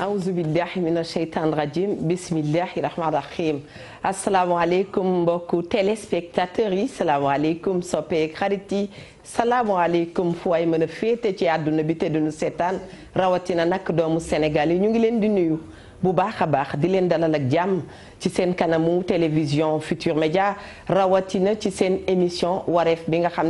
aouzubillahi mina sheytaan rajim bismillahi rahmaan rahim asalaamaaleykum mbokku téléspectateurs yi salaamaaleykum soppeek xarit yi salaamaaleykum fu waay mën a féete ci àdduna bi te duñu seetaan rawatina nag doomu Sénégal yi ñu ngi leen di nuyu bu baax a baax di leen dalal ak jàmm ci seen kanamu télévision Futur Média rawatina ci seen émission wareef bi nga xam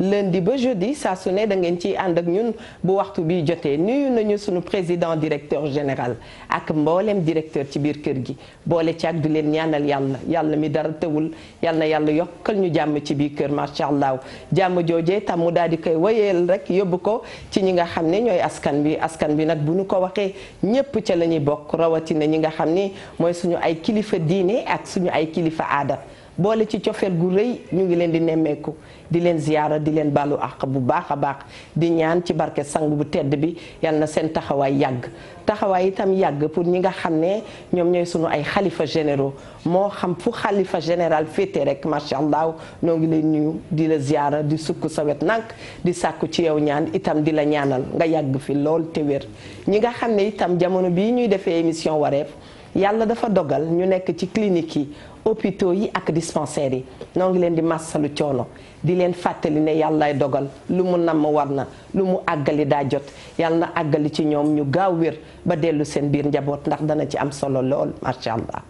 ne di ba jeudi saa su ne da ngeen ciy ànd ak ñun bu waxtu bi jotee nuyu nañu suñu président directeur général ak mboolem directeur ci biir kër gi boole ci ak di leen ñaanal yàlla yàlla mi dara tëwul yàlla na yàlla yokkal ñu jàmm ci biir kër macha allah jàmm joojee tam mu daal di koy wayeel rek yóbbu ko ci ñi nga xam ne ñooy askan bi askan bi nag bu ñu ko waxee ñëpp ca rawatina ñi nga xam ni mooy suñu ay kilifa diine ak suñu ay kilifa aada boole ci cofeel gu rëy ñu ngi leen di nemmeeku di leen ziyaara di leen baalu àq bu baax a baax di ñaan ci barke sangu bu tedd bi yal na seen taxawaay yàgg taxawaay itam yàgg pour ñi nga xam ne ñoom ñooy suñu ay xalifa généraux moo xam fu xalifa général féete rek macha allah ñoo ngi lay nuyu di la ziyaara di sukk sa wet nànk di sàkku ci yow ñaan itam di la ñaanal nga yàgg fi lool te wér ñi nga xam ne itam jamono bii ñuy defee émission wareef yàlla dafa dogal ñu nekk ci clinique yi hôpitaux yi ak dispensaires yi noo ngi leen di massalu coono di leen fàttali ne yàllaay dogal lu mu namm war na lu mu àggali daa jot yàlla na àggali ci ñoom ñu gaaw wér ba dellu seen biir njaboot ndax dana ci am solo lool macha allah.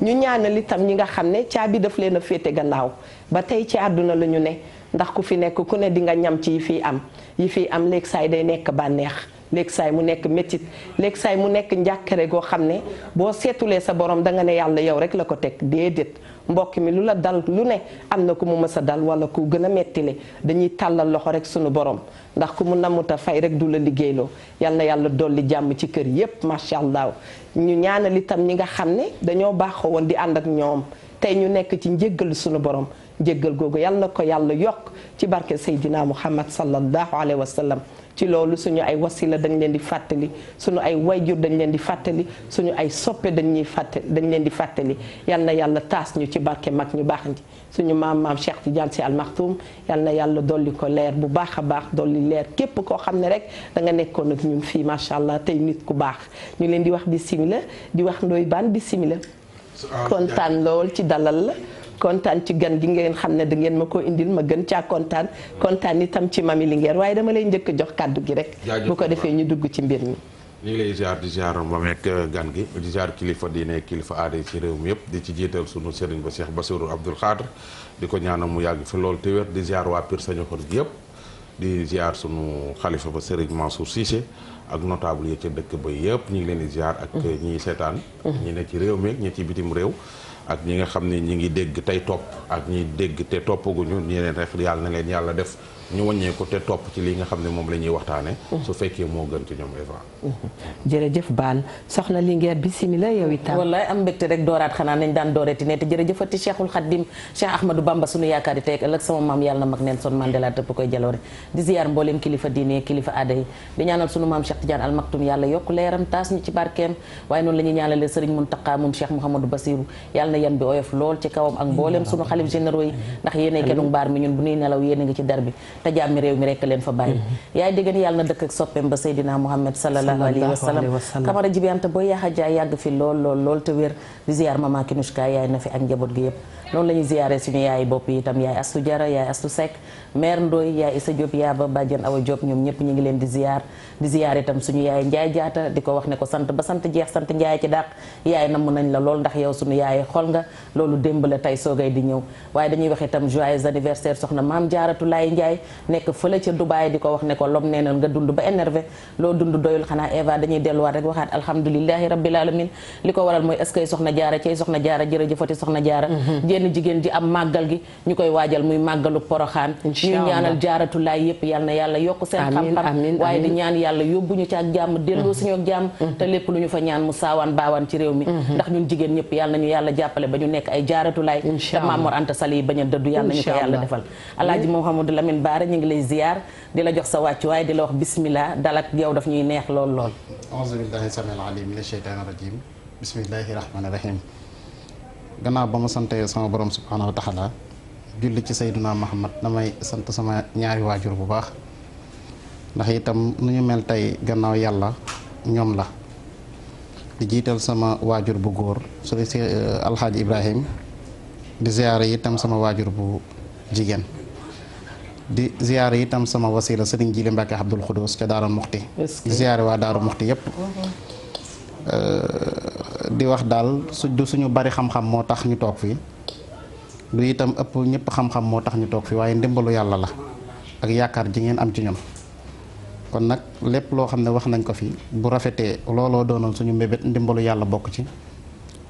ñu ñaanal itam ñi nga xam ne caabi daf leen a féete gannaaw ba tey ci àdduna la ñu ne ndax ku fi nekk ku ne di nga ñam ci yi fiy am yi fiy am léegi saay day nekk bànneex léegi saay mu nekk métit léegi saay mu nekk njàkkare goo xam ne boo seetulee sa borom danga ne yàlla yow rek la ko teg déedéet. mbokk mi lu la dal lu ne am na ku mu mës a dal wala ku gën a mettile dañuy tàllal loxo rek sunu borom ndax ku mu namuta fay rek du la liggéeyloo yal na yàlla dolli jàmm ci kër yépp macha allah ñu ñaanal itam ñi nga xam ne dañoo baaxoo woon di ànd ak ñoom tey ñu nekk ci njéggal sunu borom njéggal googu yàlla na ko yàlla yokk ci barke Seydina Muhammad sallallahu alayhi wa sallam ci loolu suñu ay wasila dañ leen di fàttali suñu ay wayjur dañ leen di fàttali suñu ay soppe dañ ñuy fàttali dañ leen di fàttali yal na yàlla taas ñu ci barke mag ñu baax ñi suñu maam maam Cheikh Tidiane Sy Al Maktoum yal na yàlla dolli ko leer bu baax a baax dolli leer képp koo xam ne rek da nga nekkoon ak ñun fii macha allah tey nit ku baax ñu leen di wax di bisimila di wax ndoy baan bisimila kontaan lool ci dalal kontaan ci gan gi ngeen xam ne da ngeen ma ko indil ma gën caa kontaan kontaan itam ci li ngeen waaye dama lay njëkk a jox kàddu gi rek bu ko defee ñu dugg ci mbir mi ngi lay ziar di ziar moom ak euh, gan gi di ziar kilifa diine kilifa aada ci réew mi yëpp di ci jiital sunu sëriñ ba Cheikh Bassirou Abdoul Khadr di ko ñaanal mu yàgg fi loolu te wér di ziar waa Pire Sañokor gi yëpp di ziar sunu xalifa ba sëriñ Mansour Cissé ak notable yi ca dëkk ba yëpp ñu ngi leen di ziar ak mm-hmm. ñiy seetaan mm-hmm. ñi ne ci réew mi ak ci bitim réew ak ñi nga xam ne ñi ngi dégg tey topp ak ñi dégg te toppaguñu ñi leen rek yàlla na leen yàlla def ñu wàññeeku te topp ci li nga xam ne moom la ñuy waxtaane mm. su fekkee moo gën ci ñoom Eva jërëjëf Baan soxna Linguère bisimila yow itam. wallaay am mbégte dooraat xanaa nañ daan dooreeti ne te jërëjëfati Cheikhul Khadim Cheikh Ahmadou Bamba sunu yaakaar yi tey sama maam yàlla mag neen son Mandela koy jaloore di ziar kilifa diine kilifa aada yi di ñaanal sunu maam Cheikh Tidiane Almaktum yàlla yokk leeram taas ñu ci barkeem waaye noonu la ñuy ñaanalee Serigne Mountakha moom Cheikh Mouhamadou Bassirou yàlla na yan bi oyof lool ci kawam ak mboolem sunu xalif généraux yi a sallallahu alayhi wa sallam Kamara Jibi Anta booy yaaxa jaay yàgg fi lool lool lool te wér di ziar mama Kinushka yaay na fi ak njaboot gi yëpp noonu la ñuy ziaree suñu yaay bopp yi itam yaay Astu Jara yaay Astu Seck mère Ndoye yaay Issa Diop yaa ba bàjjen Awa Diop ñoom ñëpp ñu ko wax ne ko sant ba sant jeex sant Njaay ci la lool ndax yow suñu yaay xol nga loolu démb la tey soogay maam jaaratu laay Njaay nekk fële ca Dubaay di ko wax ne ko lom nee nga dund ba énervé loo dund doyul xanaa Eva dañuy delluwaat rek waxaat alhamdulilahi rabbil li ko waral mm-hmm. muy màggalu poroxaan ñu ñaanal jaaratulaay yëpp yal na yàlla yokk seen xam-xam waaye di ñaan yàlla yóbbuñu ci ak jàmm delloo mm. suñu ak jàmm mm. te lépp lu ñu fa ñaan mu saawaan baawaan ci réew mi mm-hmm. ndax ñun jigéen ñëpp yal nañu yàlla jàppale ba ñu nekk ay jaaratulaay te Mamour Anta yi bañ a dëddu yal nañu ko yàlla defal alaaji mm. Mouhamadou Lamine Baara ñu ngi lay ziar di la jox sa wàccu waaye di la wax bismillah dalak yow daf ñuy neex lool lool aousubillahi samil alim min asheytan irajim bismillahi rahmani rahim gannaaw ba ma santee sama borom subhanahu julli ci sayduna Muhammad damay sant sama ñaari waajur bu baax ndax itam nu ñu mel tey gannaaw yàlla ñoom la di jiital sama waajur bu góor su si eh, alxaaji Ibrahim di ziyaare itam sama waajur bu jigéen di ziyaare itam sama wasila sëriñ Jili Mbàkke Abdul Xudoos ca Daaru Muxti di ziyaare waa Daaru Muxti yépp mhm. eh, di wax daal su du suñu bari xam-xam moo tax ñu toog fii lu itam ëpp ñëpp xam-xam moo tax ñu toog fi waaye ndimbalu yàlla la ak yaakaar ji ngeen am ci ñun kon nag lépp loo xam ne wax nañ ko fi bu rafetee looloo doonoon suñu mbébét ndimbalu yàlla bokk ci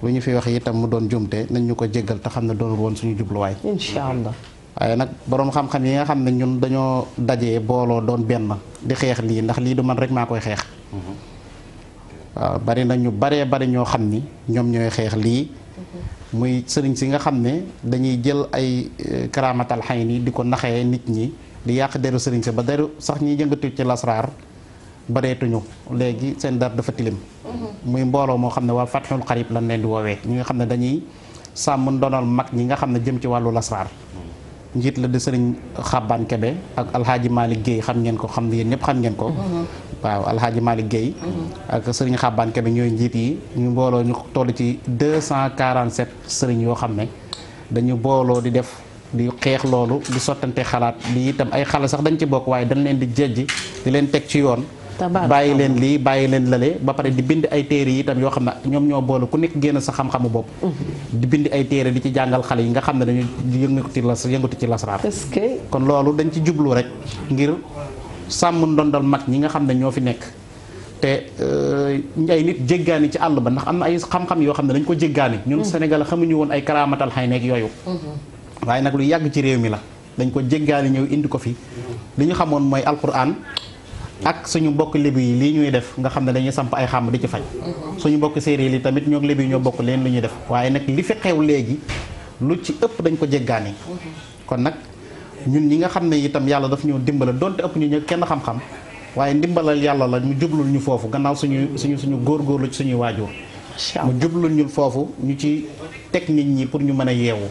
lu ñu fi wax itam mu doon jumte nañ ñu ko jéggal te xam ne doonul woon suñu jubluwaay incha allah waaye nag boroom xam-xam yi nga xam ne ñun dañoo dajee booloo doon benn di xeex lii ndax lii du man rek maa koy xeex mhm. waaw bari na ñu baree bari ñoo xam ni ñoom ñooy xeex lii muy sëriñ si nga xam ne dañuy jël ay eh, karaamatal xay nii di ko naxee nit ñi di yàq deru sëriñ si ba deru sax ñuy yëngatu ci lasraar bareetuñu léegi seen dar dafa tilim mm-hmm. muy mbooloo moo xam ne waa fatxul xarib lan leen di woowee ñi nga xam ne dañuy sàmm ndonal mag ñi nga xam ne jëm ci wàllu lasraar njiit la de sëriñ Xaban Kebe ak alxaaji Malick Guèye xam ngeen ko xam yéen ñëpp xam ngeen ko mm-hmm. waaw alxaaji Malick Guèye mm-hmm. ak sëriñ Xaban Kebe ñooy njiit yi ñu booloo ñu toll ci 247 sëriñ yoo xam ne dañu booloo di def di xeex loolu di sottante xalaat di itam ay xalaat sax dañ ci bokk waaye dañ leen di jejji di leen teg ci yoon bàyyi leen lii bàyyi leen lale ba pare di bind ay téere yi itam yoo xam ne ñoom ñoo boole ku nekk génn sa xam-xamu bopp mm-hmm. di bind ay téere di ci jàngal xale yi nga xam ne dañu yëngatu ci las yëngatu ci lasraar kon loolu dañ ci jublu rek ngir sàmm mag ñi nga xam ne ñoo fi nekk te euh, ay nit jéggaani ci àll ba ndax am na ay xam-xam yoo xam ne dañ ko jéggaani ñun mm-hmm. Sénégal xamuñu woon ay karaamatal xay nekk yooyu mm-hmm. waaye nag lu yàgg ci réew mi la dañ ko jéggaani ñëw indi ko fi li ñu xamoon mooy alquran ak suñu mbokk lébu yi lii ñuy def nga xam ne dañu samp ay xàmm di ci faj mhm. suñu bokk séeréer yi tamit ñoo lébu yi ñoo bokk leen lu ñuy def waaye nag li fi xew léegi lu ci ëpp dañ ko jéggaani mhm. kon nag ñun ñi nga xam ne itam yàlla daf ñoo dimbala donte ëpp ñu kenn xam waaye ndimbalal yàlla la mu ñu foofu gannaaw suñu suñu suñu góorgóorlu ci suñuy waajur mu jublul ñu foofu ñu ci teg nit ñi pour ñu mën a yeewu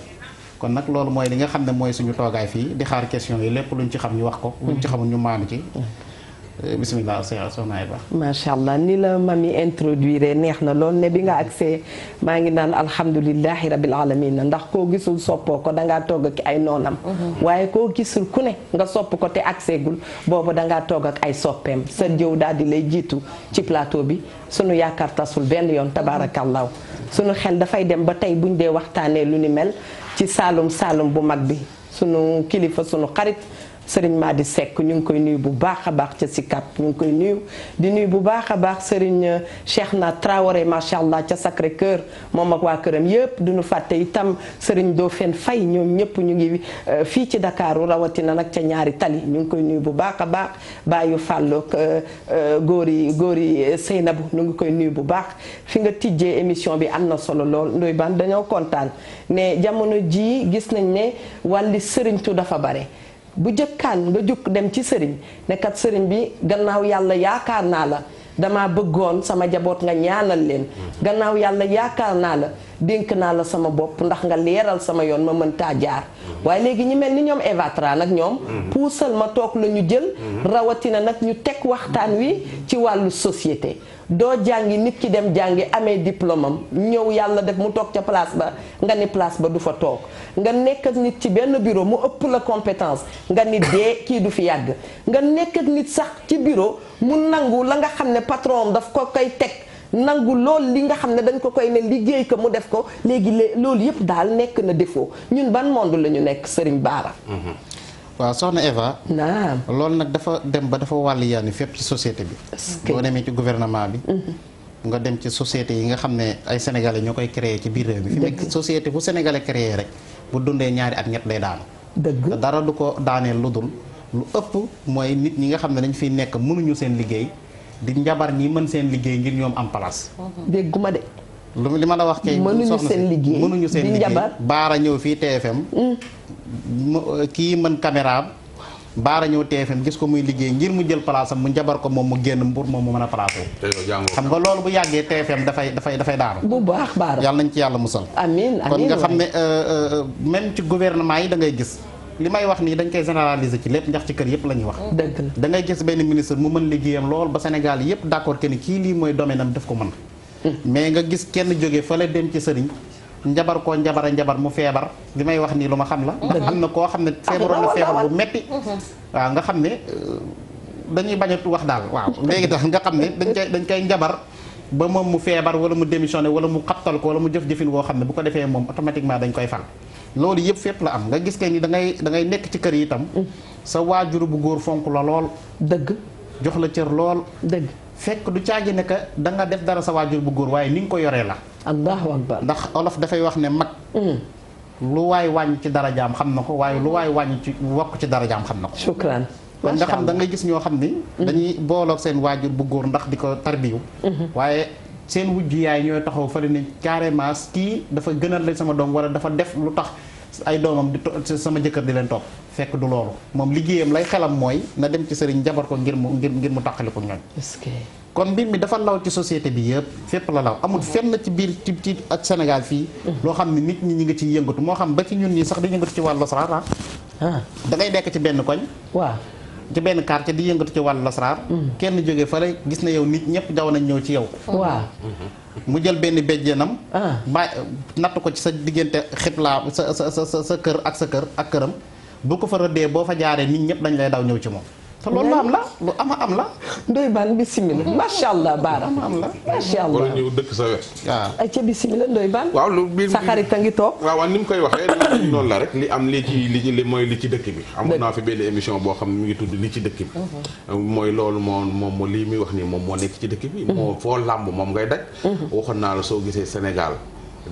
kon nag loolu mooy li nga xam ne mooy suñu toogaay fii di xaar question yi lépp luñ ci xam ñu wax ko luñ ci mhm. xamul ñu maanu ci bisimilah soxna Aïba macha allah ni la mami introduire neex na lool ne bi nga agsee maa ngi naan alhamdulilahi rabil alamin ndax koo gisul soppoo ko dangaa togg ak ay noonam mhm. waaye koo gisul ku ne nga sopp ko te agseegul boobu dangaa togg ak ay soppeem sa jëw daal di lay jiitu ci plateau bi sunu yaakaar tasul benn yoon tabaarakallaahu sunu xel dafay dem ba tey buñ dee waxtaanee lu ni mel ci saalum saalum bu mag bi sunu kilifa sunu xarit sëriñ di Seck ñu ngi koy nuyu bu baax a baax ca Sicap ñu ngi koy nuyu di nuyu bu baax a baax sëriñ euh, Cheikh na Traoré macha allah ca Sacré Cœur moom ak waa këram yëpp duñu fàtte itam sëriñ Dofène Faye ñoom ñëpp ñu ngi euh, fii ci Dakaaru rawatina nag ca ñaari tali ñu ngi koy nuyu bu baax a baax bàyyu fàlloog euh, góor yi góor yi Seynabu ñu ngi koy nuyu bu baax fi nga tijjee émission bi am na solo lool ndoy ban dañoo kontaan ne jamono jii gis nañ ne wàlli sëriñtu dafa bare bu jëkkaan nga jukk dem ci sëriñ ne kat sëriñ bi gannaaw yàlla yaakaar naa la dama bëggoon sama jaboot nga ñaanal leen gannaaw yàlla yaakaar naa la dénk naa la sama bopp ndax nga leeral sama yoon ma mën jaar waaye léegi ñi mel ni ñoom Evatra nag ñoom mhm. puusal ma toog la ñu jël mhm. rawatina nag ñu teg waxtaan wi ci wàllu société doo jàngi nit ki dem jàngi amee diplôme ñëw yàlla def mu toog ca place ba nga ni place ba du fa toog nga nekk nit ci benn bureau mu ëpp la compétence nga nit dee kii du fi yàgg nga nekk nit sax ci bureau mu nangu la nga xam ne patron daf ko koy teg nangu lool li nga xam ne dañ ko koy ne liggéey ko mu def ko léegi loolu yëpp daal nekk na défaut ñun ban monde la ñu nekk Serigne Bara mm-hmm. waaw soxna Eva. naam loolu nag dafa dem ba dafa wàll yaani fépp ci société bi. boo demee ci gouvernement bi. Mhm. nga dem ci société yi nga xam ne ay sénégalais ñoo koy créer ci biir réew mi. fi nekk société bu sénégalais créer rek bu dundee ñaari ak ñett day daanu. dëgg dara du ko daaneel lu dul lu ëpp mooy nit ñi nga xam ne dañ fi nekk mënuñu seen liggéey di njabar ñi mën seen liggéey ngir ñoom am place. Mhm. dégguma de. li ma la wax kay. mënuñu seen liggéey baara ñëw kii mën caméra am baara ñëw TFM gis ko muy liggéey ngir mu jël place am mu njabar ko moom mu génn mbur moom mu mën a placé xam nga loolu bu yàggee TFM dafay dafay dafay daanu bu baax baara yàlla nañ ci yàlla musal amiin amiin kon nga xam ne euh, euh, euh, même ci gouvernement yi da ngay gis li may wax nii dañ koy généraliser ci lépp ndax ci kër yëpp la ñuy wax dëgg la da gis benn ministre mu mën liggéeyam lool ba senegal yëpp d'accord que ni kii lii mooy domaine am daf ko mën hmm. mais nga gis kenn jógee fële dem ci sëriñ njabar koo njabara njabar mu feebar li may wax nii lu ma xam la ndax am na koo xam ne feebaroon na feebar bu metti waaw nga xam ne euh, dañuy bañ a wax daal waaw léegi tax nga xam ne dañ koy dañ koy njabar ba moom mu feebar wala mu démissionné wala mu xabtal ko wala mu jëf jëfin woo xam ne bu ko defee moom automatiquement dañ koy fal loolu yëpp fépp la am nga gis kay ni da ngay da ngay nekk ci kër yi itam mm. sa waajur bu góor fonk la lool dëgg jox la cër lool dëgg fekk du caagi ne que da nga def dara sa waajur bu góor waaye ni nga ko yoree la. allahu akbar ndax olof dafay wax ne mag. Mm. lu waay wàññi ci dara jaam xam na ko waaye lu waay wàññi ci wokk ci dara jaam xam na ko. shukran kon xam da ngay gis ñoo xam ni. Mm-hmm. dañuy booloog seen waajur bu góor ndax di ko tarbiyu. Mm-hmm. waaye seen wujj yaay ñooy taxaw fële ne carrément kii dafa gënal lañ sama doom wala dafa def lu tax. ay doomam di sama jëkkër di leen topp fekk du loolu moom liggéeyam lay xelam mooy na dem ci sëriñ jabar ko ngir mu ngir ngir mu tàqali ko ñoñ kon mbir mi dafa law ci société bi yëpp fépp la law amul fenn ci biir ci ci ak Sénégal fii mhm. loo xam ne nit ñi ñu ngi ciy yëngatu moo xam ba ci ñun ñi sax di yëngatu ci wàllu saraata ah. da ngay nekk ci benn koñ waa ci benn quartier di yëngatu ci wàllu lasraar mm-hmm. kenn jóge fa lay gis na yow nit ñëpp daw nañ ñëw ci yow waaw mm-hmm. mu jël benn béjjéenam ah. ba natt ko ci sa diggante xiblaa sa sa sa sa kër ak sa kër ak këram bu ko fa rëddee boo fa jaaree nit ñëpp dañ lay daw ñëw ci moom te loolu am la lu ama am la. ndoy baan bisimilah. Hmm. macha allah baara macha allah. war a ñëw dëkk sa wet. waaw ah. ay baan. waaw lu biir sa xarit a ngi toog. waaw waaw ni mu koy waxee noonu la rek li am li ci li ci mooy li ci dëkk bi. amoon naa fi benn émission boo xam ne mi ngi tudd li ci dëkk uh-huh. mooy loolu moo moom moo lii muy wax nii moom moo nekk ci dëkk bi. moo uh-huh. foo làmb moom ngay daj. Uh-huh. waxoon naa la soo gisee Sénégal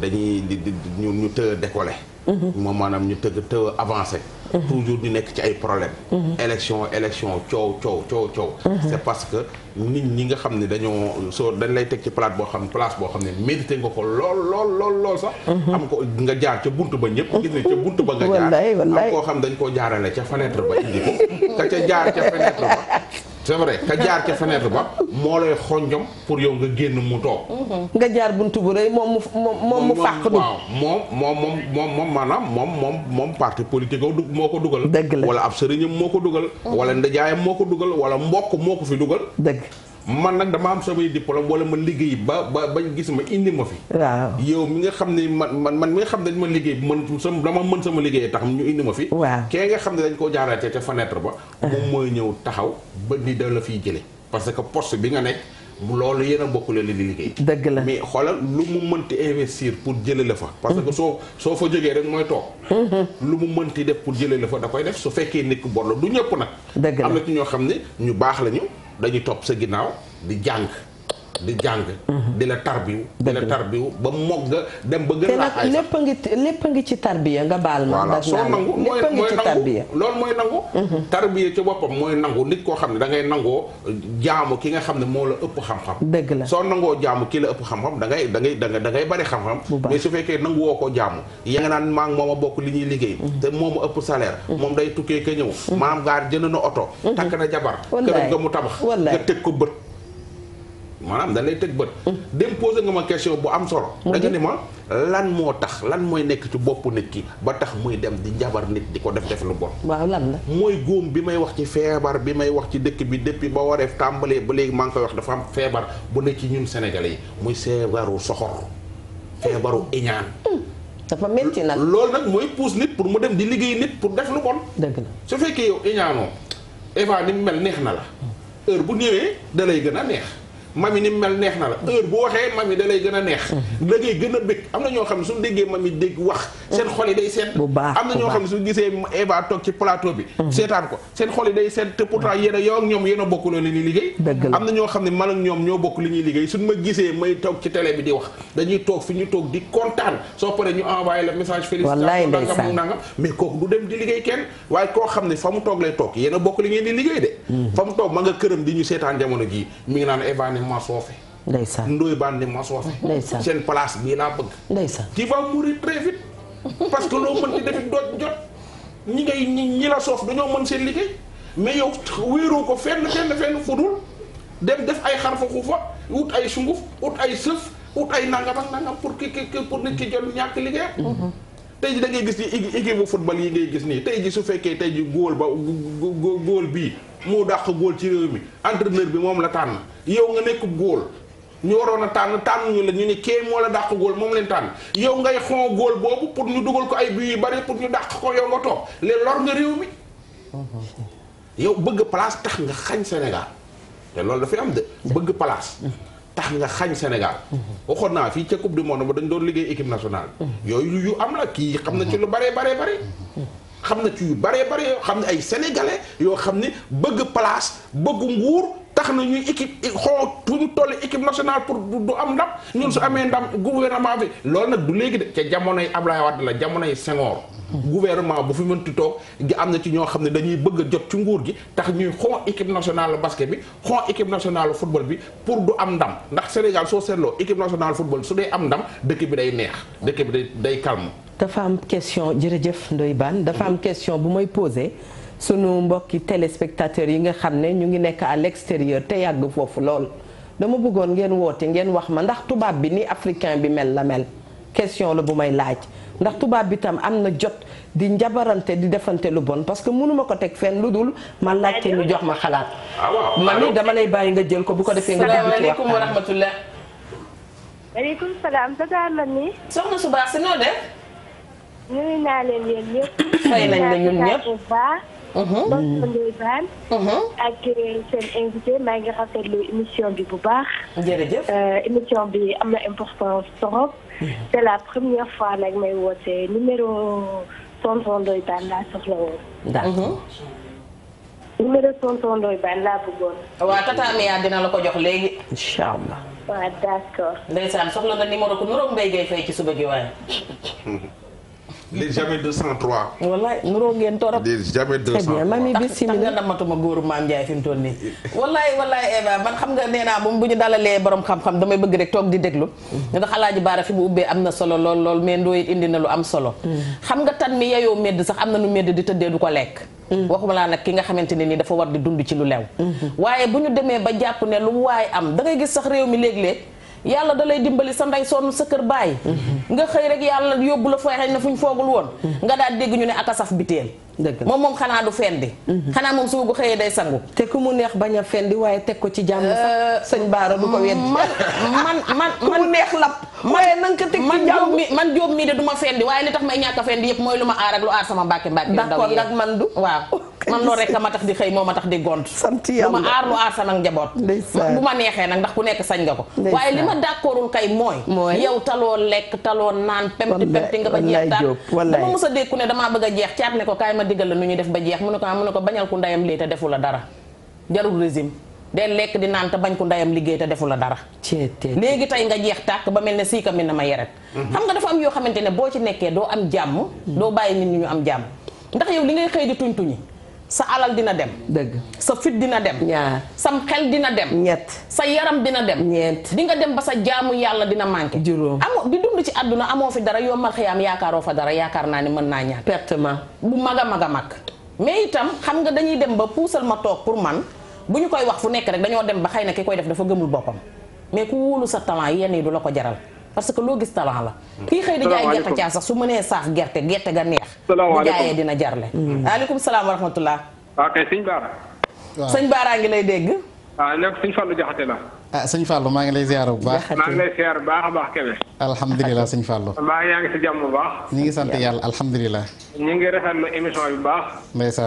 dañuy di ñu ñu të décollé. moom maanaam ñu tëgg te avancé. toujours ñu nekk ci ay problème élection élection coow coow coow coow. c' parce que nit ñi nga xam ne dañoo soo dañ lay teg ci place boo xam place boo xam ne médité nga ko lool lool lool lool sax. am ko nga jaar ca bunt ba ñëpp. gis ne ca bunt ba nga jaar am koo xam dañ koo jaarale ca fenêtre ba indi ko. ka ca jaar ca fenêtre ba. c'est vrai ka jaar ca fenêtre ba moo lay xonjom pour yow nga génn mu toog. nga jaar buntu bu rëy moom mu moom mu fàq. du waaw moom moom moom moom maanaam moom moom moom parti politique moo ko dugal. dëgg la wala ab sëriñam moo ko dugal. Mm-hmm. wala ndajaayam moo ko dugal wala mbokk moo ko fi dugal. dëgg. man nag dama am samay diplôme wala ma liggéey ba ba ba gis ma indi ma fi. waaw yow mi nga xam ne man man man mi nga xam ne dañ ma liggéey man sama dama mën sama liggéey tax ñu indi ma fi. waaw kee nga xam ne dañ koo jaarate ca fenêtre ba. moom mooy ñëw taxaw ba ni da la fiy parce que poste bi nga nekk loolu yéen a bokkule li di liggéey. dëgg la xoolal lu mu mënti investir pour jëlee la fa. parce que soo soo fa jógee rek mooy toog. lu mu mënti def pour jëlee la fa da koy def su fekkee nit ku bor ñëpp nag. dëgg na ñoo xam ne ñu baax la ñu. dañuy topp sa ginnaaw di jàng di jàng. Mhm. di la tarbiw. di la tarbiw ba mog nga dem ba gën laa. ay te lépp ngi lépp a ngi ci tarbiya nga baal ma. ndax soo nangu mooy mooy nangu loolu mooy nangu. Mhm. tarbiya ci boppam mooy nangu nit koo xam ne da ngay nangoo jaamu ki nga xam ne moo la ëpp xam-xam. dëgg la soo nangoo jaamu ki ëpp xam-xam da ngay da ngay da ngay da ngay bari xam-xam. mais su fekkee nanguwoo ko jaamu. yaa nga naan maa ngi moom a bokk li ñuy liggéey. Mhm. te moom a ëpp salaire. moom day tukkee ka ñëw. maanaam gaar jënd na oto. takk na jabar kër ga mu tabax nga teg ko bët maanaam dañ lay teg bët. Mm. dem posé nga ma question bu am solo. da nga ni ma lan moo tax lan mooy nekk ci bopp nit ki ba tax muy dem di njabar nit di ko def def lu bon. waaw lan la. mooy góom bi may wax ci feebar bi may wax ci dëkk bi depuis ba wareef tàmbalee ba léegi maa ngi koy wax dafa am feebar bu nekk ci ñun sénégalais yi muy feebaru soxor. feebaru mm. iñaan. Mm. dafa métti nag. loolu nag mooy pousse nit pour mu dem di liggéey nit pour def lu bon. dëgg la fekkee yow iñaanoo Eva ni mu mel neex na la. heure bu ñëwee da lay gën a neex. yi ni mel neex na la heure bu waxee mami da lay gën a neex mm. da ngay gën a bëgg am na ñoo xam ne suñu déggee mami dégg wax seen xol yi day seet xam ne gisee Eva toog ci plateau bi mm-hmm. seetaan ko seen xol te pourtant yéen bokk loolu li ñuy liggéey am xam ne man ak ñoom ñoo bokk li ñuy liggéey suñ ma gisee may toog fi ñu toog di kontaan soo paree ñu envoyé la message félicitation nangam nangam mais kooku du dem di liggéey kenn waaye koo xam ne fa mu toog lay toog yéen a bokk li ngeen di liggéey de mm. fa mu toog ma nga këram di ñu seetaan jamono jii mi ngi naan Eva ma foofe ndeysaan ndooy baan ne ma soofe ndeysaan seen place bii laa bëgg ndeysaan tu vas mourir très parce que loo mën di defit doot jot ñi ngay ñi la soof dañoo mën seen liggéey mais yow wéeroo ko fenn fenn fenn fudul dem def ay xarfa xuufa wut ay sunguf wut ay sëf wut ay nangam ak nangam pour ki ki pour nit jot ñàkk liggéey mhm. tey ji da ngay gis ni équipe bu football yi ngay gis nii tey ji su fekkee tey ji góol ba góol bii moo dàq góol ci réew mi entraîneur bi moom la tànn yow nga nekk góol ñu waroon a tànn tànn ñu la ñu ne kee moo la dàq góol moom leen tànn yow ngay xon góol boobu pour ñu dugal ko ay bu yu bari pour ñu dàq ko yow nga toog léegi lor nga réew mi yow bëgg place tax nga xañ Sénégal te loolu dafay am de bëgg place tax nga xañ Sénégal waxoon naa fii ca coupe du monde ba dañ doon liggéey équipe nationale yooyu yu am la kii xam na ci lu baree baree bari xam na ci yu baree bari yoo xam ne ay sénégalais yoo xam ne bëgg place bëgg tax na ñuy équipe xoo fu ñu toll équipe nationale pour du am ndam ñun su amee ndam gouvernement bi loolu nag du léegi de ca jamono Ablaye Wade la jamono jamonoy Senghor gouvernement bu fi mënti toog gi am na ci ñoo xam ne dañuy bëgg jot ci nguur gi tax ñuy xoo équipe nationale basket bi xoo équipe nationale football bi pour du am ndam ndax Sénégal soo seetloo équipe nationale football su dee am ndam dëkk bi day neex dëkk bi day day calme dafa am question jërëjëf Ndoye Bane dafa am question bu may posé sunu mbokki téléspectateurs yi nga xam ne ñu ngi nekk à l'extérieur te yàgg foofu lool dama bëggoon ngeen woote ngeen wax ma ndax tubaab bi ni africain bi mel la mel question la bu may laaj ndax tubaab bi tam am na jot di njabarante di defante lu bon parce que mënuma ko teg fen lu dul ma laajte ñu jox ma xalaat ah, mami dama lay bàyyi nga jël ko bu ko defee nga salaamaaleykum wa rahmatullah waaleykum salaam sataar la ni baax Uh-huh. bonjour Léopold. Uh-huh. Euh, seen invité maa ngi rafetlu émission bi bu baax. jërëjëf euh, émission bi am na important trop. c'est la première fois nag may woote numéro tonton Ndoye Bane laa soxla woon. Uh-huh. numéro tonton Ndoye laa bëggoon. waaw tata Mia dina la ko jox léegi. incha allah. waaw d'accord. ndeysaan soxla nga numéro ku nuroog mbéy ngay fay ci suba gi waaye. li jamais 203. wallaay nuroo ngeen torop. li jamais 203 très bien mami bisimilah. tax nga damatuma góoru maam Ndiaye fi mu toll nii. wallaay wallaay Eva man xam nga nee bu ñu dalalee borom xam-xam damay bëgg rek toog di déglu. Mm-hmm. ndax alaaji baara fi mu ubbee am na solo lool lool mais ndoo it indi na lu am solo. Mm-hmm. xam nga tan mi yeyoo medd sax am na nu medd di tëddee du ko lekk. Mm-hmm. waxuma nag ki nga xamante nii dafa war di dund ci lu lew. waaye bu ñu demee mi yàlla da lay dimbali sa ndey sonn sa kër bàyyi mm-hmm. nga xëy rek yàlla yóbbu la fay xañ na fu ñu foogul woon mm-hmm. nga daal dégg ñu ne ak a saf biteel moom moom xanaa du fendi mm-hmm. xanaa moom suba bu xëyee day sangu te ku mu neex bañ a waaye teg ko ci jàmm sax euh, baara du ko wedd man man man mu neex lap waaye na nga ko teg ci jàmm mi man jóob mii de du ma fendi waaye li tax may ñàkk a fendi yëpp mooy lu ma aar ak lu aar sama mbàkke mbàkke d'accord nag man du waaw man loolu rek ma tax di xëy moo ma tax di gont sant yàlla ma aar lu aar sama njaboot bu ma neexee nag ndax ku nekk sañ nga ko waaye li ma d'accordul kay mooy yow taloo lekk taloo naan pemti pemti nga ba jeex a dégg ku ne damaa bëgg jeex caat ne ko kaay ma diggal la nu ñuy def ba jeex mu ne ko ah, mu ne ko bañal ku ndeyam lii lekk di naan bañ ko ndeyam liggéey te defu la dara léegi tey nga jeex tàkk ba mel ne siika mi na ma yeret mhm. xam nga dafa am yoo xamante ne boo ci nekkee doo am jàmm doo bàyyi nit ñi ñu am jàmm ndax yow li ngay xëy di tuñ tuñi sa alal dina dem. dëgg sa fit dina dem. ñaar sam xel dina dem. ñett sa yaram dina dem. ñeent di nga dem ba sa jaamu yàlla dina manqué. juróom amoo di dund ci àdduna amoo fi dara yombal xiyaam yaakaaroo fa dara yaakaar naa ne mën naa ñàkk. pertement bu mag a mag a mag. mais itam xam nga dañuy dem ba puusal ma toog pour man bu ñu koy wax fu nekk rek dañoo dem ba xëy na ki koy def dafa gëmul boppam mais ku wóolu sa talent yenn yi du la ko jaral. parce que loo gis talent la kii xëy di jaay gerte caa sax su mënee saax gerte gerte ga neex bu jaayee dina jarle mm. aleykum salaam wa rahmatullah ah, kay sëñ Baara sëñ Baara ngi ah, ah, sëñ Fallou maa ngi lay ziar bu baax baax a baax sëñ Fallou baax ngi si jàmm bu baax ñu ngi sant yàlla alhamdulilah ngi rafetlu émission baax baax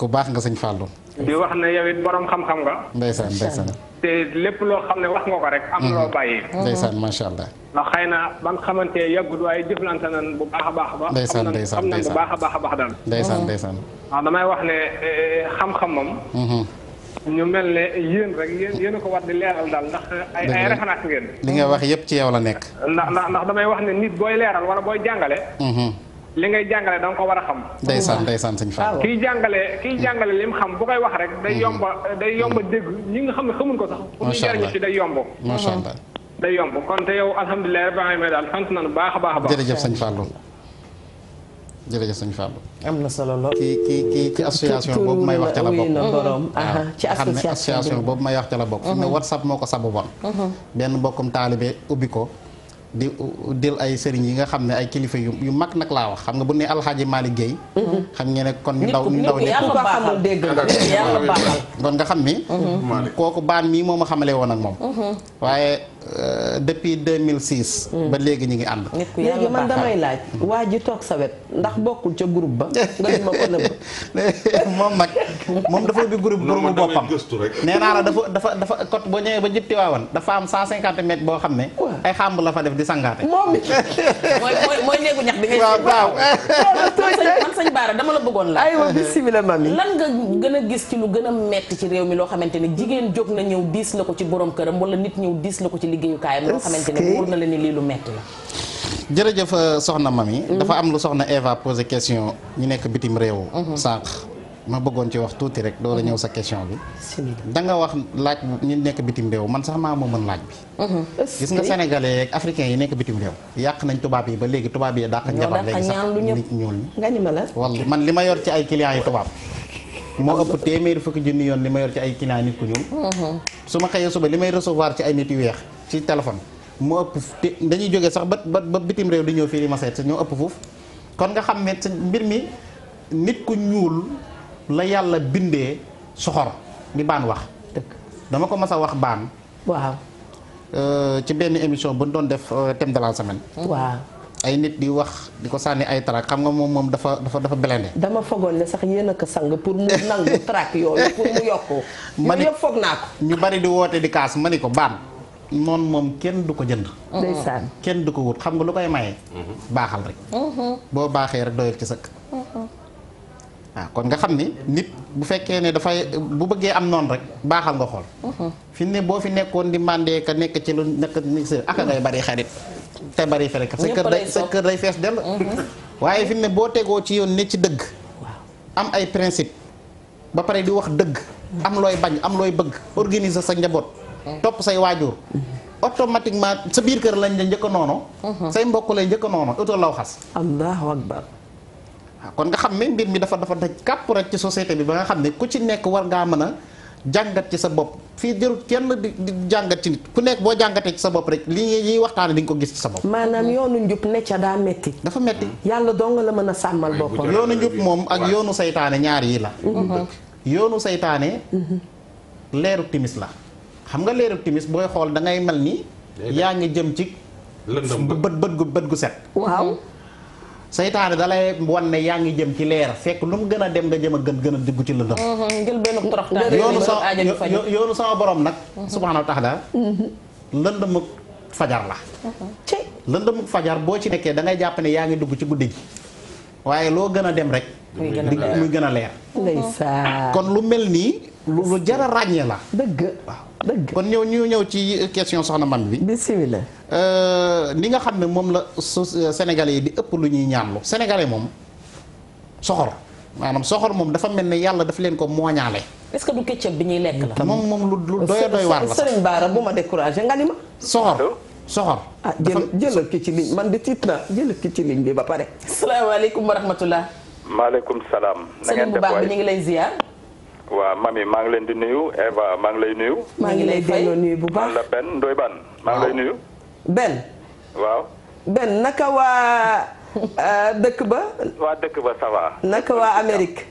a baax nga sëñ Fallou di wax ne yow it borom xam-xam nga. ndeysaan ndeysaan. te lépp loo xam ne wax nga ko rek. am loo mm-hmm. bàyyi. Mm-hmm. ndeysaan macha allah. ndax xëy na ban xamante yàggut waaye jëflante nañ bu baax a baax. ba ndeysaan ndeysaan xam nañ bu baax a baax a baax daal. ndeysaan mm-hmm. ndeysaan. waaw damay wax ne eh, xam-xam moom. ñu mel ne yéen rek yéen yéen ko war di leeral daal ndax ay ay référence ngeen. li nga wax yépp ci yow la nekk. ndax ndax damay wax ne nit booy leeral wala booy jàngale. li ngay jàngale da ko war a xam. ndeysaan ndeysaan sëñ Fall. kiy jàngale kiy jàngale lim xam bu koy wax rek. day mm-hmm. yomba day dégg ñi nga xam ne xamuñ ko sax. macha allah sëñ mm-hmm. Fallou jërëjëf sëñ Fallou. am na solo lool. ci ci boobu may wax ca la bokk. Ah, boobu may wax la bokk. fi mu ne mm-hmm. moo ko sababoon. benn mbokkum taalibe ubbi ko. di dil ay sëriñ yi nga xam ne ay kilifa yu yu mag nag laa wax xam nga bu ne alxaaji Malick Guèye xam ngeen ne kon ñu ndaw ñu ndaw kon nga xam ni mm-hmm. kooku baan mii moom a xamale woon ak moom mm-hmm. waaye Euh, depuis 2006. Mm. ba léegi ñu ngi ànd. léegi man damay laaj. waa ji toog sawet ndax bokkul ca groupe ba. nga di ma ko nëbb. moom nag moom dafa ubbi groupe groupe boppam. nee naa la dafa boo ñëwee am 150 mètres boo xam ne. ay xàmb la fa def di sangaate. moom it bi ngay. waaw la bëggoon gis ci lu gën a metti ci réew mi loo xamante ne jigéen jóg na ñëw diis la ko ci borom këram wala nit ñëw diis la ko ci liggéeyukaayam. loo xamante ne wóor na la ni lii lu metti la. jërëjëf euh, soxna Mami. Mm-hmm. dafa am lu soxna Eva posé question ñu nekk bitim réew. Mm-hmm. sànq ma bëggoon ci wax tuuti rek doo la ñëw sa mm-hmm. question bi. da nga wax laaj ñu nekk bitim réew man sax maa moo mën laaj bi. gis nga sénégalais ak yi nekk bitim réew. yàq nañ tubaab yi ba léegi tubaab yi dàq njabar léegi sax nit ñuul. nga ni ma la walla man li ma yor ci ay clients yi tubaab. moo ëpp téeméeri fukki junni yoon li ma yor ci ay client nit ku ñuul uh-huh. su ma xëyee suba li may recevoir ci ay nit yu weex ci téléphone moo ëpp dañuy jógee sax ba ba bitim réew di ñëw fii di ma seet si ñoo ëpp foofu kon nga xam ne mbir mi nit ku ñuul la yàlla bindee soxor li baan wax dama ko mas a wax baan waaw euh, ci benn émission bu ñu doon def euh, thème de la semaine ay nit di wax di ko sànni ay trac xam nga moom moom dafa dafa dafa belende dama fogoon ne sax yéen a ko sang pour mu nangu trac yooyu pour mu yokku ma ni yëpp foog ñu bari di woote di ma ni ko baan noonu moom kenn du ko jënd kenn du ko wut xam nga lu koy maye mhm. baaxal rek mhm. boo baaxee rek doyal ci sëkk waaw mhm. ah, kon nga xam ni nit bu fekkee ne dafay bu bëggee am noonu rek baaxal nga xool fi ne boo fi nekkoon di mandee ka nekk ci lu nekk ak ngay bari xarit te bari fere kat. sa kër day fees dell. Mhm. waaye fi mu ne boo tegoo ci yoon ne ci dëgg. am ay principe ba pare di wax dëgg. am looy bañ am looy bëgg organiser sa njaboot. Mhm. topp say waajur. Mhm. automatiquement sa biir kër lañ la njëkk a noono say mbokk lay njëkk a noono auto law xas. allahu kon nga xam ne mbir mi dafa dafa daj kàpp rek ci société bi ba nga xam ne ku ci nekk war ngaa mën a. jàngat ci sa bopp fii jarul kenn di jàngat ci nit ku nekk boo jàngatee ci sa bopp rek li ñuy waxtaan di nga ko gis ci sa bopp maanaam yoonu njub ne ca daa metti dafa metti yàlla dong la mën a sàmmal boppam yoonu njub moom ak yoonu saytaane ñaar yii la mhm. yoonu saytaane mhm. leeru timis la xam nga leeru timis booy xool da ngay mel ni yaa ngi jëm ci bët gu bët gu set waaw seytaane da lay wan ne yaa ngi jëm ci leer fekk lu mu gën a dem nga jëm a gën gën a dugg ci lëndëm mm-hmm. yoonu sa yoonu sama boroom nag mm-hmm. subhaanahu tax taala mm-hmm. lëndëmuk fajar la lëndëmuk fajar boo ci nekkee da ngay jàpp ne yaa ngi dugg ci guddi gi waaye loo gën a dem rek muy gën a leer kon lu mel nii lu lu jar ràññee la. dëgg waaw dëgg. kon ñëw ñu ñëw ci question soxna man bi. bisimilah. Euh, li nga xam ne moom la so Sénégalais yi di ëpp lu ñuy ñaan ñaanlu Sénégalais moom soxor maanaam soxor moom dafa mel ne yàlla daf leen ko mooñaale. est-ce que du bi ñuy lekk la. moom moom lu lu doy doy waar la. Serigne Bara bu ma découragé nga ni ma. soxor soxor. ah jël jëlal ki ci ligne man de tiit naa jëlal ki ci ligne bi ba pare. asalaamaaleykum wa rahmatulah. maaleykum salaam. na ngeen def bu baax bi ñu ngi lay ziar. waaw mami maa ngi leen di nuyu Eva maa ngi lay nuyu. maa ngi lay delloo nuyu bu baax man Ben Ndoye Ban. maa ngi lay nuyu. Ben. waaw. Ben naka waa euh, dëkk ba. waa dëkk ba ça naka waa Amérique.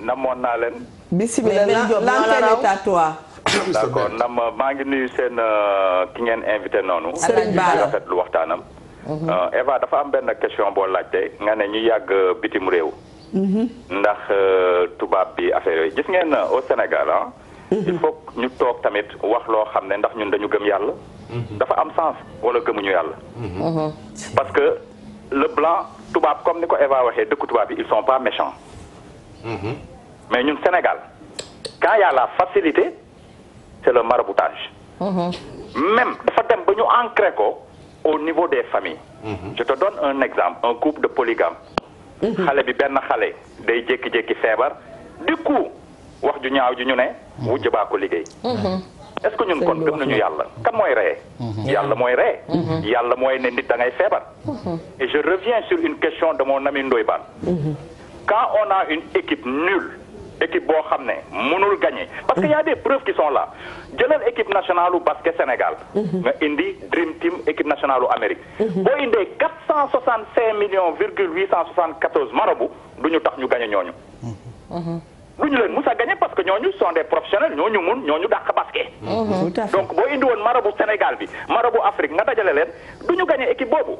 namoon naa leen. bisimilah l'antenne est à toi. d'accord nam maa ngi nuyu seen euh, ki ngeen invité noonu. Serigne Ba la rafetlu waxtaanam. Mhm. Euh, Eva dafa am benn question boo laajte nga ne ñu yàgg bitim réew. Mm-hmm. ndax euh, tubaab bi affaire yooyu gis ngeen euh, au Sénégal ah. Mm-hmm. il faut ñu toog tamit wax loo xam ne ndax ñun dañu gëm yàlla. Mm-hmm. dafa am sens wala gëmuñu yàlla. parce que le blanc tubaab comme ni ko Eva waxee dëkku tubaab bi ils sont pas méchants. mais ñun Sénégal quand y la facilité c'est le maraboutage. même dafa dem ba ñu ancré ko au niveau des familles. je te donne un exemple un couple de polygame Mm-hmm. xale bi benn xale day jékki-jékki feebar dikku wax ju ñaaw ju ñu ne mm-hmm. wujj baa ko liggéey mm-hmm. est-ce que ñun kon gëm nañu yàlla kan mooy ree yàlla mooy ree yàlla mooy ne nit da ngay feebar et je reviens sur une question de mon ami Ndoye Bane quand on a une équipe nulle équipe boo xam ne mënul gagner parce que y a des preuves qui sont là jëlal équipe nationale basket Sénégal nga indi Dream Team équipe nationale u Amérique boo indee quatre cent soixante cinq millions virgule huit cent soixante quatorze marabu du ñu tax ñu gagner ñooñu du ñu leen mus a gagner parce que ñooñu sont des professionnels ñooñu mun ñooñu dàq basket donc boo indi woon bu Sénégal bi mara marabu Afrique nga dajale leen du ñu gagner équipe boobu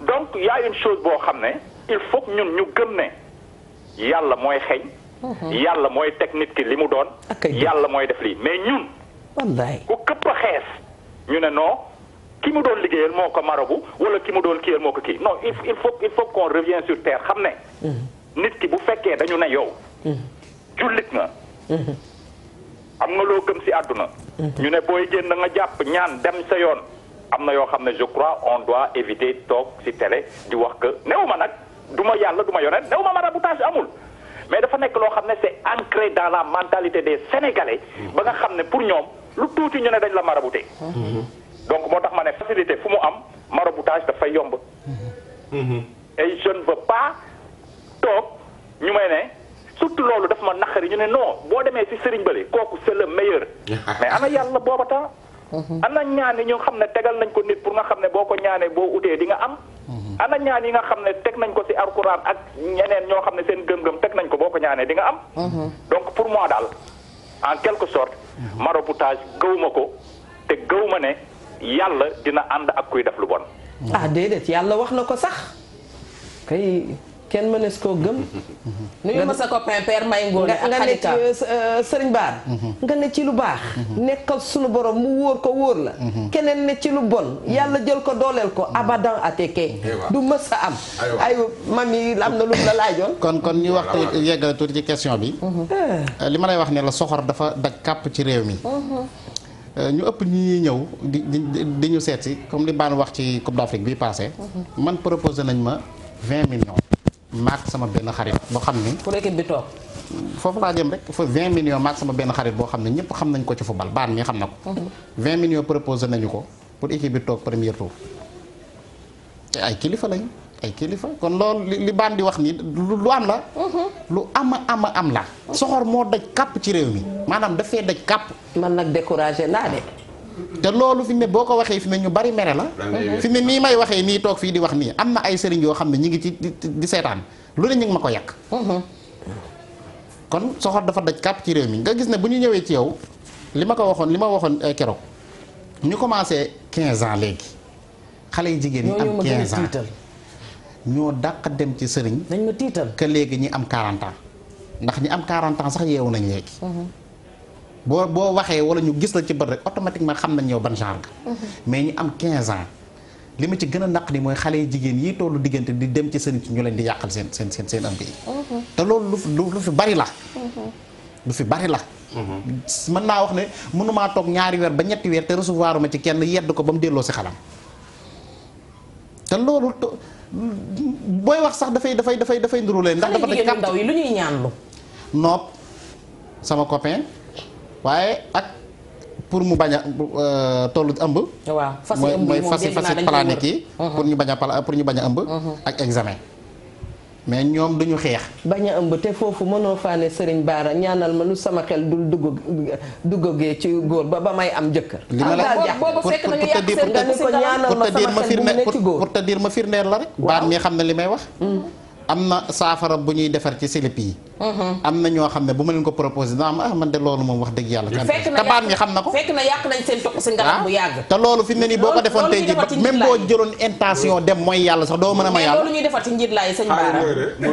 donc yaa a une boo xam ne il faut que ñun ñu gëm ne yàlla mooy xeeñ Uh-huh. yàlla mooy teg nit ki li mu doon. yàlla mooy def lii mais ñun. wallaay ku këpp a xees. ñu ne non ki mu doon liggéeyal moo ko marabu wala ki mu doon kiyal moo ko kii non il faut il faut qu'on revienne sur terre xam ne. Uh-huh. nit ki bu fekkee dañu ne yow. Uh-huh. jullit nga. am na loo gëm si àdduna. ñu ne booy génn nga jàpp ñaan dem sa yoon. am na yoo xam ne je crois on doit éviter toog si télé di wax que néew ma nag du ma yàlla du ma yonent néew ma marabutage amul. mais dafa nekk loo xam ne c'est ancré dans la mentalité des sénégalais ba nga xam ne pour ñoom lu tuuti ñu ne dañ la mara marabouté donc moo tax ma ne facilité fu mu am mara maraboutage dafay yomb et je ne veux pas toog ñu may ne surtout loolu dafa ma naqari ñu ne non boo demee ci sëriñ bële kooku c'est le meilleur mais ana yàlla booba temps mhm. ana ñaani ñu xam ne tegal nañ ko nit pour nga xam ne boo ko ñaanee boo utee di nga am ana ñaan yi nga xam ne teg nañ ko ci alxuraan ak ñeneen ñoo xam ne seen gëm-gëm teg nañ ko boo ko ñaanee di nga am. Mhm. donc pour moi daal en quelque sorte. Mhm. maraboutage gëwuma ko te gëwuma ne yàlla dina ànd ak kuy def lu bon. ah déedéet yàlla wax na ko sax kay. kenn mënees koo gëm. nuyu ma sa copain père May Ngone ak nga ne ci euh, sëriñ euh, Baar. Mhm. nga ne ci lu baax. Mhm. nekkal sunu borom mu wóor ko wóor la. Mhm. keneen ne ci lu bon yàlla jël ko dooleel ko abadan ateke. Eh du mës a am. ay mami am na lu la laajoon. kon kon ñu wax te yeggale tuuti ci question bi. Euh, li ma lay wax ne la soxor dafa daj kàpp ci réew mi. ñu ëpp ñu ñëw di di ñu seet comme li baan wax ci Coupe d'Afrique bi passé man proposé nañ ma vingt millions. maak sama benn xarit boo xam ni. pour équipe bi toog. foofu laa jëm rek fa vingt millions maak sama benn xarit boo xam ne ñëpp xam nañ ko ci football baan mi xam na ko. 20 mhm. millions proposé nañu ko pour équipe bi toog premier tour. te ay kilifa lañ ay kilifa kon loolu li baan di wax nii lu am la. Mhm. lu ama ama am la. soxor moo daj kàpp ci réew mi maanaam dafay daj kàpp. man nag découragé naa de. te loolu fi mu ne boo ko waxee fi mu ne ñu bari mere la fi mu ne nii may waxee nii toog fii di wax nii am na ay sëriñ yoo xam ne ñi ngi ci di seetaan lu ne ñu ngi ma ko yàq mhm. kon soxor dafa daj kàpp ci réew mi nga gis ne bu ñu ñëwee ci yow li ma ko waxoon li ma waxoon eh, keroog ñu commencé quinze ans léegi xale yi jigéen ñi am 15 ans ñoo daq dem ci sëriñ dañ ma tiital que léegi ñi am 40 ans ndax ñi am 40 sax yeewu nañ léegi mhm. boo boo waxee wala ñu gis la ci bët rek automatiquement xam nañ yow ban genre nga mhm. mais ñu am 15 ans li ma ci gën a naq ni mooy xale yi jigéen yi tollu diggante di dem ci sëriñ ci ñu leen di yàqal seen seen seen seen bi mhm. te loolu lu fi bari la mhm. lu fi bari la mën naa wax ne mënumaa toog ñaari weer ba ñetti weer te recevoir ma ci kenn yedd ko ba mu delloo si xalam te loolu booy wax sax dafay dafay dafay dafay nduru leen ndax dafa dañ ndaw yi lu ñuy ñaanlu nopp sama copain waaye ak pour mu bañ a euh, tollu ëmb. waaw fas yi mooy fas yi fas yi planique yi. Uh-huh. pour ñu bañ a pour ñu bañ a ëmb. Uh-huh. ak examen. mais ñoom duñu xeex. bañ a ëmb te foofu mënoo faane sëriñ Bara ñaanal ma lu sama xel dul dugg duggagee ci góor ba ba may am jëkkër. li ma la boobu fekk ma sama pour te dire ma firndeer la rek. baat mi xam na li may wax. am na saafara bu ñuy defar ci silip yi. am na ñoo xam ne bu ma leen ko proposé na am ah man de loolu moom wax dëgg yàlla. te mi xam na ko fekk na yàq nañ seen toq si ngalam ah? bu yàgg. te loolu fi mu ne nii boo ko defoon tey jii même boo jëloon intention dem mooy yàlla sax a ma yàlla. loolu ñuy defati njiit laay sëñ Baara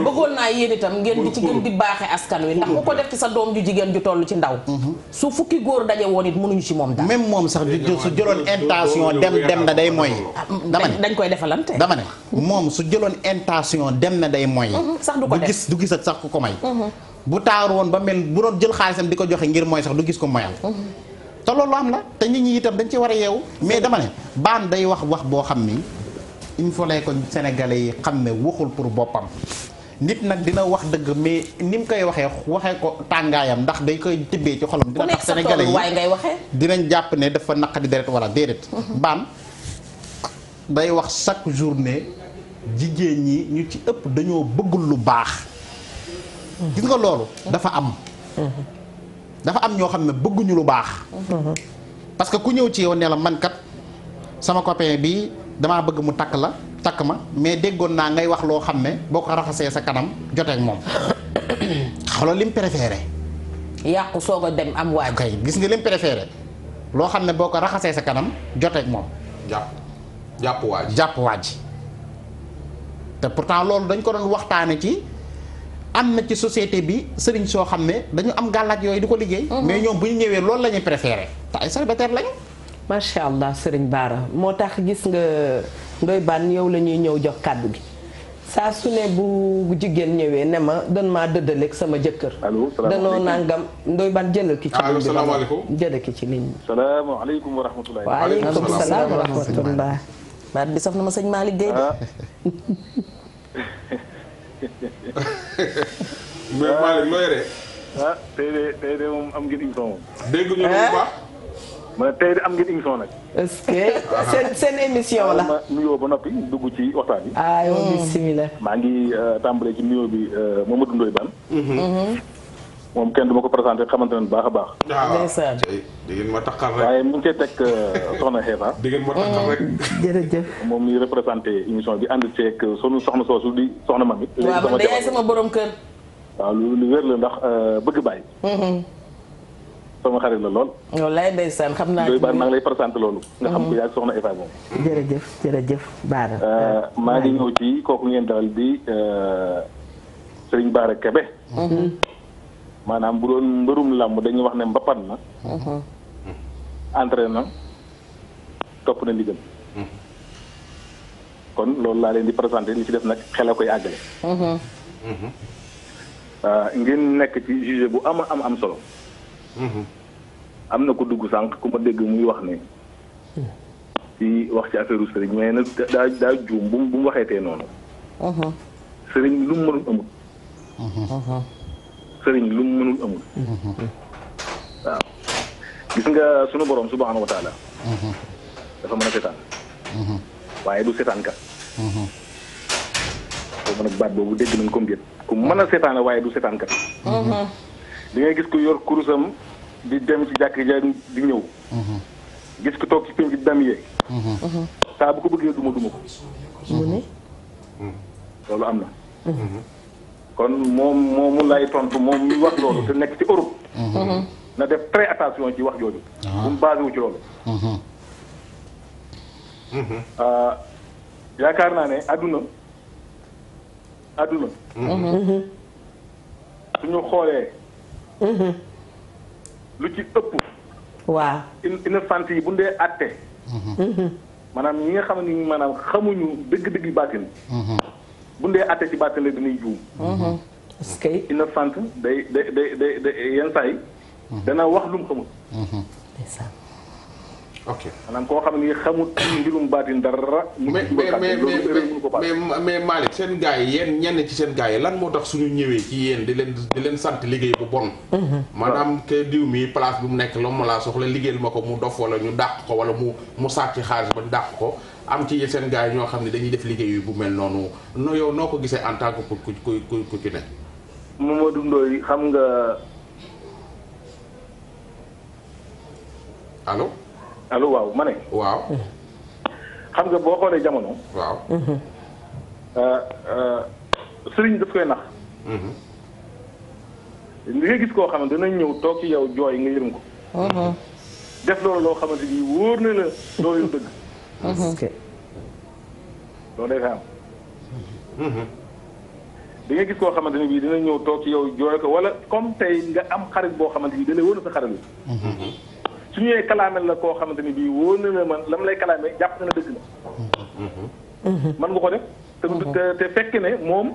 bëggoon naa yéen itam ngeen di ci baaxe askan wi ndax ku ko def ci sa doom ju jigéen ju toll ci ndaw. Mhm. su fukki góor daje woon it mënuñu ci moom daal. même moom sax su jëloon intention dem dem na day mooy. dama ne dañ koy defalante dama ne moom su jëloon intention dem na day mooy. Mhm, sax du ko ko may mhm. Mhm. bu taaru woon ba mel bu doon jël xaalisam di ko joxe ngir mooy sax du gis ko moyal mhm. te loolu am la te nit ñi itam dañ ci war a yeewu mais dama ne baan wax boo xam ni il faut lay ko sénégalais yi xam ne waxul pour boppam nit nag dina wax dëgg mais ni mu koy waxee waxee ko tàngaayam ndax day koy tibbee ci xolam dina tax sénégalais yi dinañ jàpp ne dafa naqadi deret wala déedéet mhm. baan day wax chaque journée jigéen ñi ñu ci ëpp dañoo bëggul lu baax gis nga loolu dafa am dafa am ñoo xam ne bëgguñu lu baax parce que ku ñëw ci yow ne la man sama copain bi damaa bëgg mu takk la takk ma mais déggoon naa ngay wax loo xam ne boo ko raxasee sa kanam joteeg moom xoolal lim préféré yàqu soog a dem am waaj kay gis nga lim préféré loo xam ne boo ko raxasee sa kanam joteeg moom jàpp jàpp waaj jàpp waaj te pourtant loolu dañ ko doon waxtaane ci am na ci société bi sëriñ soo xam ne dañu am gàllaaj yooyu di ko liggéey. Mhm. mais ñoom bu ñu ñëwee loolu la ñuy préféré te ay célibataire lañu. macha allah sëriñ Baara moo tax gis nga Ndoye Bane yow la ñuy ñëw jox kàddu gi saa su ne bu jigéen ñëwee ne ma dan maa dëddaleeg sama jëkkër. allo danoo nangam Ndoye Bane jëlal ki ci ligne bi allo jëlal ki ci ligne bi. salaamaaleykum wa rahmatulah. waaleykum salaam wa rahmatulah. na ma sëñ Malick Guèye de. Ah. mais Malick tey de tey de moom am ngeen émission moom. dégg ñu bu baax. ma tey de am ngeen émission nag. est-ce que seen seen émission la. ma ba noppi dugg ci waxtaan bi. ah yow bisimilah. maa ngi euh, tàmbalee ci nuyoo bi moom euh, ma Ndoye Bane. Mm-hmm. moom kenn du ma ko présenté xamante ne baax a baax. waaw ah, di ma taxal rek waaye mu ngi koy teg euh, soxna Xeeba. di ngeen ma taxal rek. Mm, moom mi représenté émission bi ànd ceeg sunu soxna soosu di soxna mami. léegi sama jamono sama borom kër. waaw lu lu wér la ndax euh, bëgg bàyyi. Mm-hmm. sama xarit la lool. wallaay ndeysaan xam naa. doy baax maa ngi lay présenté loolu. Mm-hmm. nga xam ko yaa soxna Eva moom. jërëjëf jërëjëf euh, Baara. maa ngi ñëw ci kooku ngeen dalal di Serigne Baara Kebe. maanaam bu doon mbërum làmb dañuy wax ne mbapat na. Mhm. entraîné na topp na li jëm. Mhm. kon loolu laa leen di présenté li ci def nag xel a koy àggale. Mhm. Euh, ngeen nekk ci juge bu ama am am solo. am na ko dugg sànq ku ma dégg muy wax ne. ci wax ci affaire sëriñ mais nag daa daa juum bu mu waxeetee noonu. sëriñ lu mu mënul amul. sëriñ lu mënul amul. waaw gis nga sunu borom subhaanahu wa taala. dafa mën a seetaan. waaye du seetaan kat. boobu nag baat boobu dégg nañ ko mbir ku mën a seetaan waaye du seetaan kat. di ngay gis ku yor kurusam di dem ci jàkk ja di ñëw. gis ku toog ci pénc dam yee. saa bu ko bëggee duma duma ko. loolu am na. kon moom moomu lay tontu moom mi wax loolu te nekk ci Europe. Mhm. na def très attention ci wax jooju. Ah. bu mu basé ci loolu. Mhm. Mhm. Euh, yaakaar naa ne àdduna àdduna. suñu xoolee. lu ci ëpp. waaw innocent yi bu ñu dee àtte. maanaam ñi nga xam ne maanaam xamuñu dëgg-dëgg baatin. bu dee àtte ci bàttale dañuy juum. Mhm. est-ce que innocent day day day day yenn saa yi mhm. dana wax lu mu xamul. Mhm. ok maanaam koo xam ne xamut mbirum baatin dara. mais mais mais mais Malick seen gars yi yéen ñenn ci seen gars yi lan moo tax suñu ñëwee ci yéen di leen di leen sant liggéey bu bon. Mhm. maanaam ke diw mi place bi mu nekk la mu laa soxla liggéeyal ma ko mu dof wala ñu dàq ko wala mu mu sàcc xaalis ba dàq ko am ci seen gars yi ñoo xam ne dañuy def liggéey bu mel noonu no yow noo ko gisee en tant que ku ku ku ku ci ne. Mamadou Ndoye xam nga. allo. allo waaw mane ne. waaw. xam nga boo xoolee jamono. waaw. Euh, euh, sëriñ daf koy nax. li mhm. gis koo xamante dinañ ñëw toog yow jooy nga yërëm ko. Mhm. loo xamante ni wóor na la loolu dëgg. Mhm. parce que. loolu day am. di gis koo xamante ne bii dina ñëw toog ci yow jooy ko wala comme tey nga am xarit boo xamante ni da lay wóor na sa xarit la. su ñëwee kalaamel la koo xamante ni bii wóor na la man lam lay kalaame jàpp na dëgg la. man nga ko def. te te fekk ne moom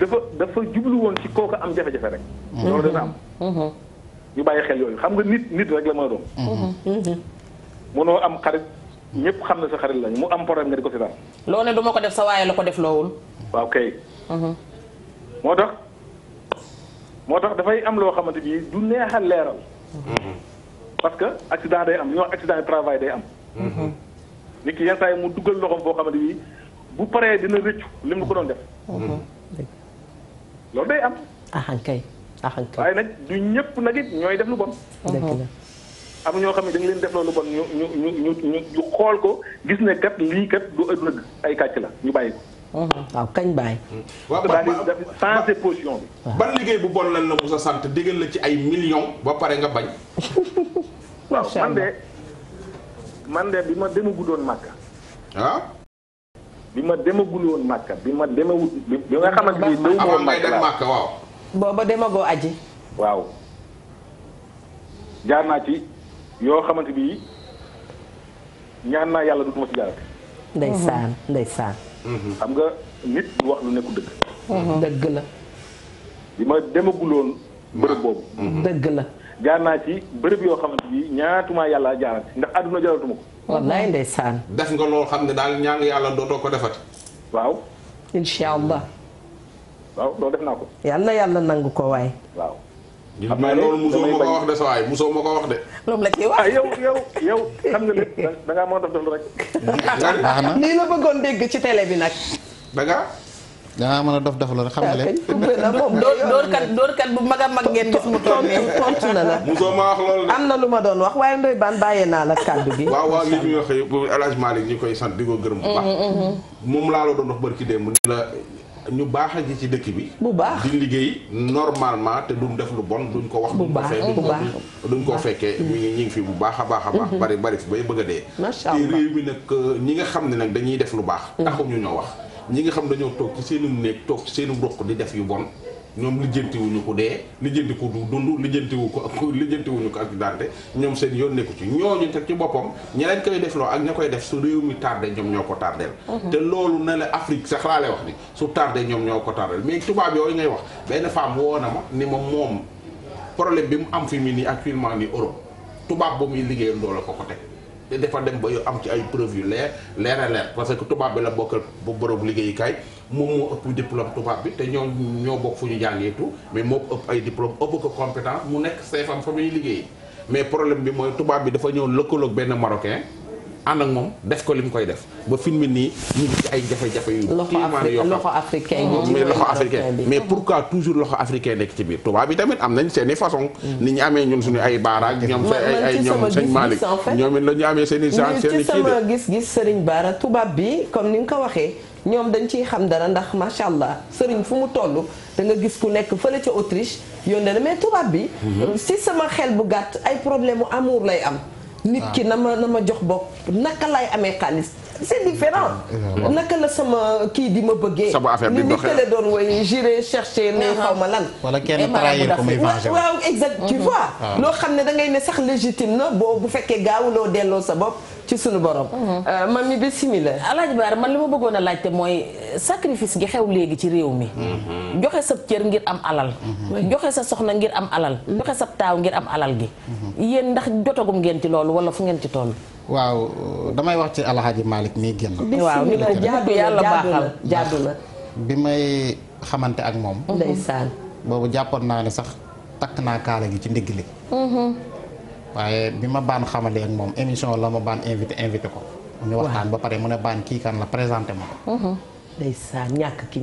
dafa dafa jublu woon ci kooku am jafe-jafe rek. loolu dina am. ñu bàyyi xel yooyu xam nga nit nit rek la mën a doon. mënoo am xarit ñëpp xam na sa xarit lañ mu am problème nga di ko si daal. loo ne du ma ko def sa waaye la ko def loowul. waaw kay. Mhm. moo tax moo tax dafay am loo xamante ni du neexal leeral. Mm-hmm. parce que accident day am li ñuy wax accident de travail day am. Mm-hmm. nit ki yenn saa yi mu duggal loxoom boo xamante ni bu paree dina rëccu lim lu ko doon def. Mm-hmm. loolu day am. axankay axankay waaye nag du ñëpp nag it ñooy def lu bon. am ñoo xam ne dañ leen def loolu bon ñu ñu ñu ñu ñu xool ko gis ne kat lii kat du ëllëg ay kàcc la ñu bàyyi ko. Mhm. waaw kañ bàyyi. waaw changé liggéey bu bon lan la Moussa sant déggal la ci ay million ba pare nga bañ. waaw man de man de bi ma demaguloon Màkka. ah. bi ma demaguloon Màkka bi ma demewut bi nga xamante ni. dewuma Màkka waaw. booba demagoo aji. waaw jaar naa ci yoo xamante bi ñaan naa yàlla dutuma ci jaarate. ndeysaan ndeysaan. Mm-hmm. xam nga nit du wax lu nekku dëgg. Mm-hmm. dëgg la. bi ma demaguloon bërëb boobu. Mm-hmm. dëgg la. jaar naa ci bërëb yoo xamante bi ñaatuma yàlla jaarati ndax àdduna jaratuma ko. wallaay saan def nga loo xam ne daal ñaan yàlla dootoo ko defati. waaw. incha allah. waaw loolu def naa ko. yàlla yàlla nangu ko waay. xam naa loolu musoo ma ko wax de sa waay musoo ma ko wax de. loolu la ciy wax ah, yow yow yow xam nga lépp da ngaa mën a def dégg ci télé bi nag. da ngaa. dangaa mën a dof dof la xam nga ah, leen. doorkat doorkat bu a mag ngeen mu toogee na lu ma doon wax waaye ndoy baan bàyyee naa la kàddu gi. waaw waaw li ñu wax sant di ko gërëm bu baax. Mm-hmm, mm-hmm. laa la doon wax barki démb ni la. ñu baax a ngi ci dëkk bi. baax di liggéey normalement te duñ def lu bon duñ ko wax. bu baax bu baax duñ ko fekkee mm-hmm. mi ngi ñu ngi fi bu baax a baax a baax. Mm-hmm. bari bari fi bay bëgg a dee. macha allah te réew mi nag euh, ñi nga xam ne nag dañuy def lu baax. Mm-hmm. taxuñu ñoo wax ñi nga xam dañoo toog ci seenu néeg toog ci seenu mbokk di def yu bon. ñoom lijjantiwuñu ko dee lijjanti ko du dund lijjantiwu ko ak lijjantiwuñu ko ak daante ñoom seen yoon nekku ci ñooñu teg ci boppam ña leen koy defloo ak ña koy def su réew mi tardé ñoom ñoo ko tardeel mhm. te loolu na la Afrique sax laa lay wax ni su tardé ñoom ñoo ko tardeel mais tubaab yooyu ngay wax benn femme woo na ma ni ma moom problème bi mu am fi mu nii ak actuellement ni Europe tubaab ba muy liggéeyoon doo la ko ko teg te dafa dem ba am ci ay preuve yu leer leer a leer parce tubaab bi la bokkal bu borom liggéeyukaay moom moo ëpp diplôme tubaab bi te ñoo ñoo bokk fu ñu jàngeetu mais moo ëpp mu nekk seefam liggéey mais problème bi mooy tubaab bi dafa ñëw lëkkaloog benn marocain ànd ak moom def ko li mu koy def ba film mi nii ñu ngi ci ay jafe-jafe yu tiimaan loxo africain mais loxo loxo africain nekk ci biir bi tamit am nañ seen i façon mm. ni ñu amee suñu ay baaraak ñoom sa ay ñoom sëñ Malick ñoom it la ñu amee seen i genre seen i ci sama gis-gis Serigne Bara tubaab bi comme ni nga ko waxee ñoom dañ ciy xam dara ndax macha allah sëriñ fu mu toll da nga gis ku nekk fële ci Autriche yónnee ne mais tubaab bi. Mhm. si sama xel bu gàtt ay problème mu amour lay am. nit ki na ma na ma jox bopp naka lay amee xaalis. c'est différent ah, naka la sama kii di ma bëggee. sama affaire bi doxee ni doon woy j'irai chercher ne ah, ah. xaw ma lan. wala kenn trahir ko muy venger waaw exact tu mhm. vois. loo xam ne da ngay ne sax légitime na boo bu fekkee gaawuloo delloo sa bopp. ci sunu borom. Mhm. Euh, man mi ba simila. Alaaji Baar man li ma bëggoon a laajte mooy euh, sacrifice gi xew léegi ci réew mi. Mhm. joxe sa cër ngir am alal. Mhm. joxe sa soxna ngir am alal. joxe sa taaw ngir am alal gi. yéen ndax jotagum ngeen ci loolu wala fu ngeen ci toll. waaw damay wax ci Alaaji Malick mii génn. waaw ni ko jaadu yàlla baaxal jaadu la bi may xamante ak moom. boobu jàppoon naa ne sax takk naa kaala gi ci ndigg li waaye bi ma baan xamalee ak moom émission la ma baan invité invité ko. ñu waxtaan ba pare mu ne baan kii kan la présenté ma ko. Uh-huh. ndeysaan ñàkk ki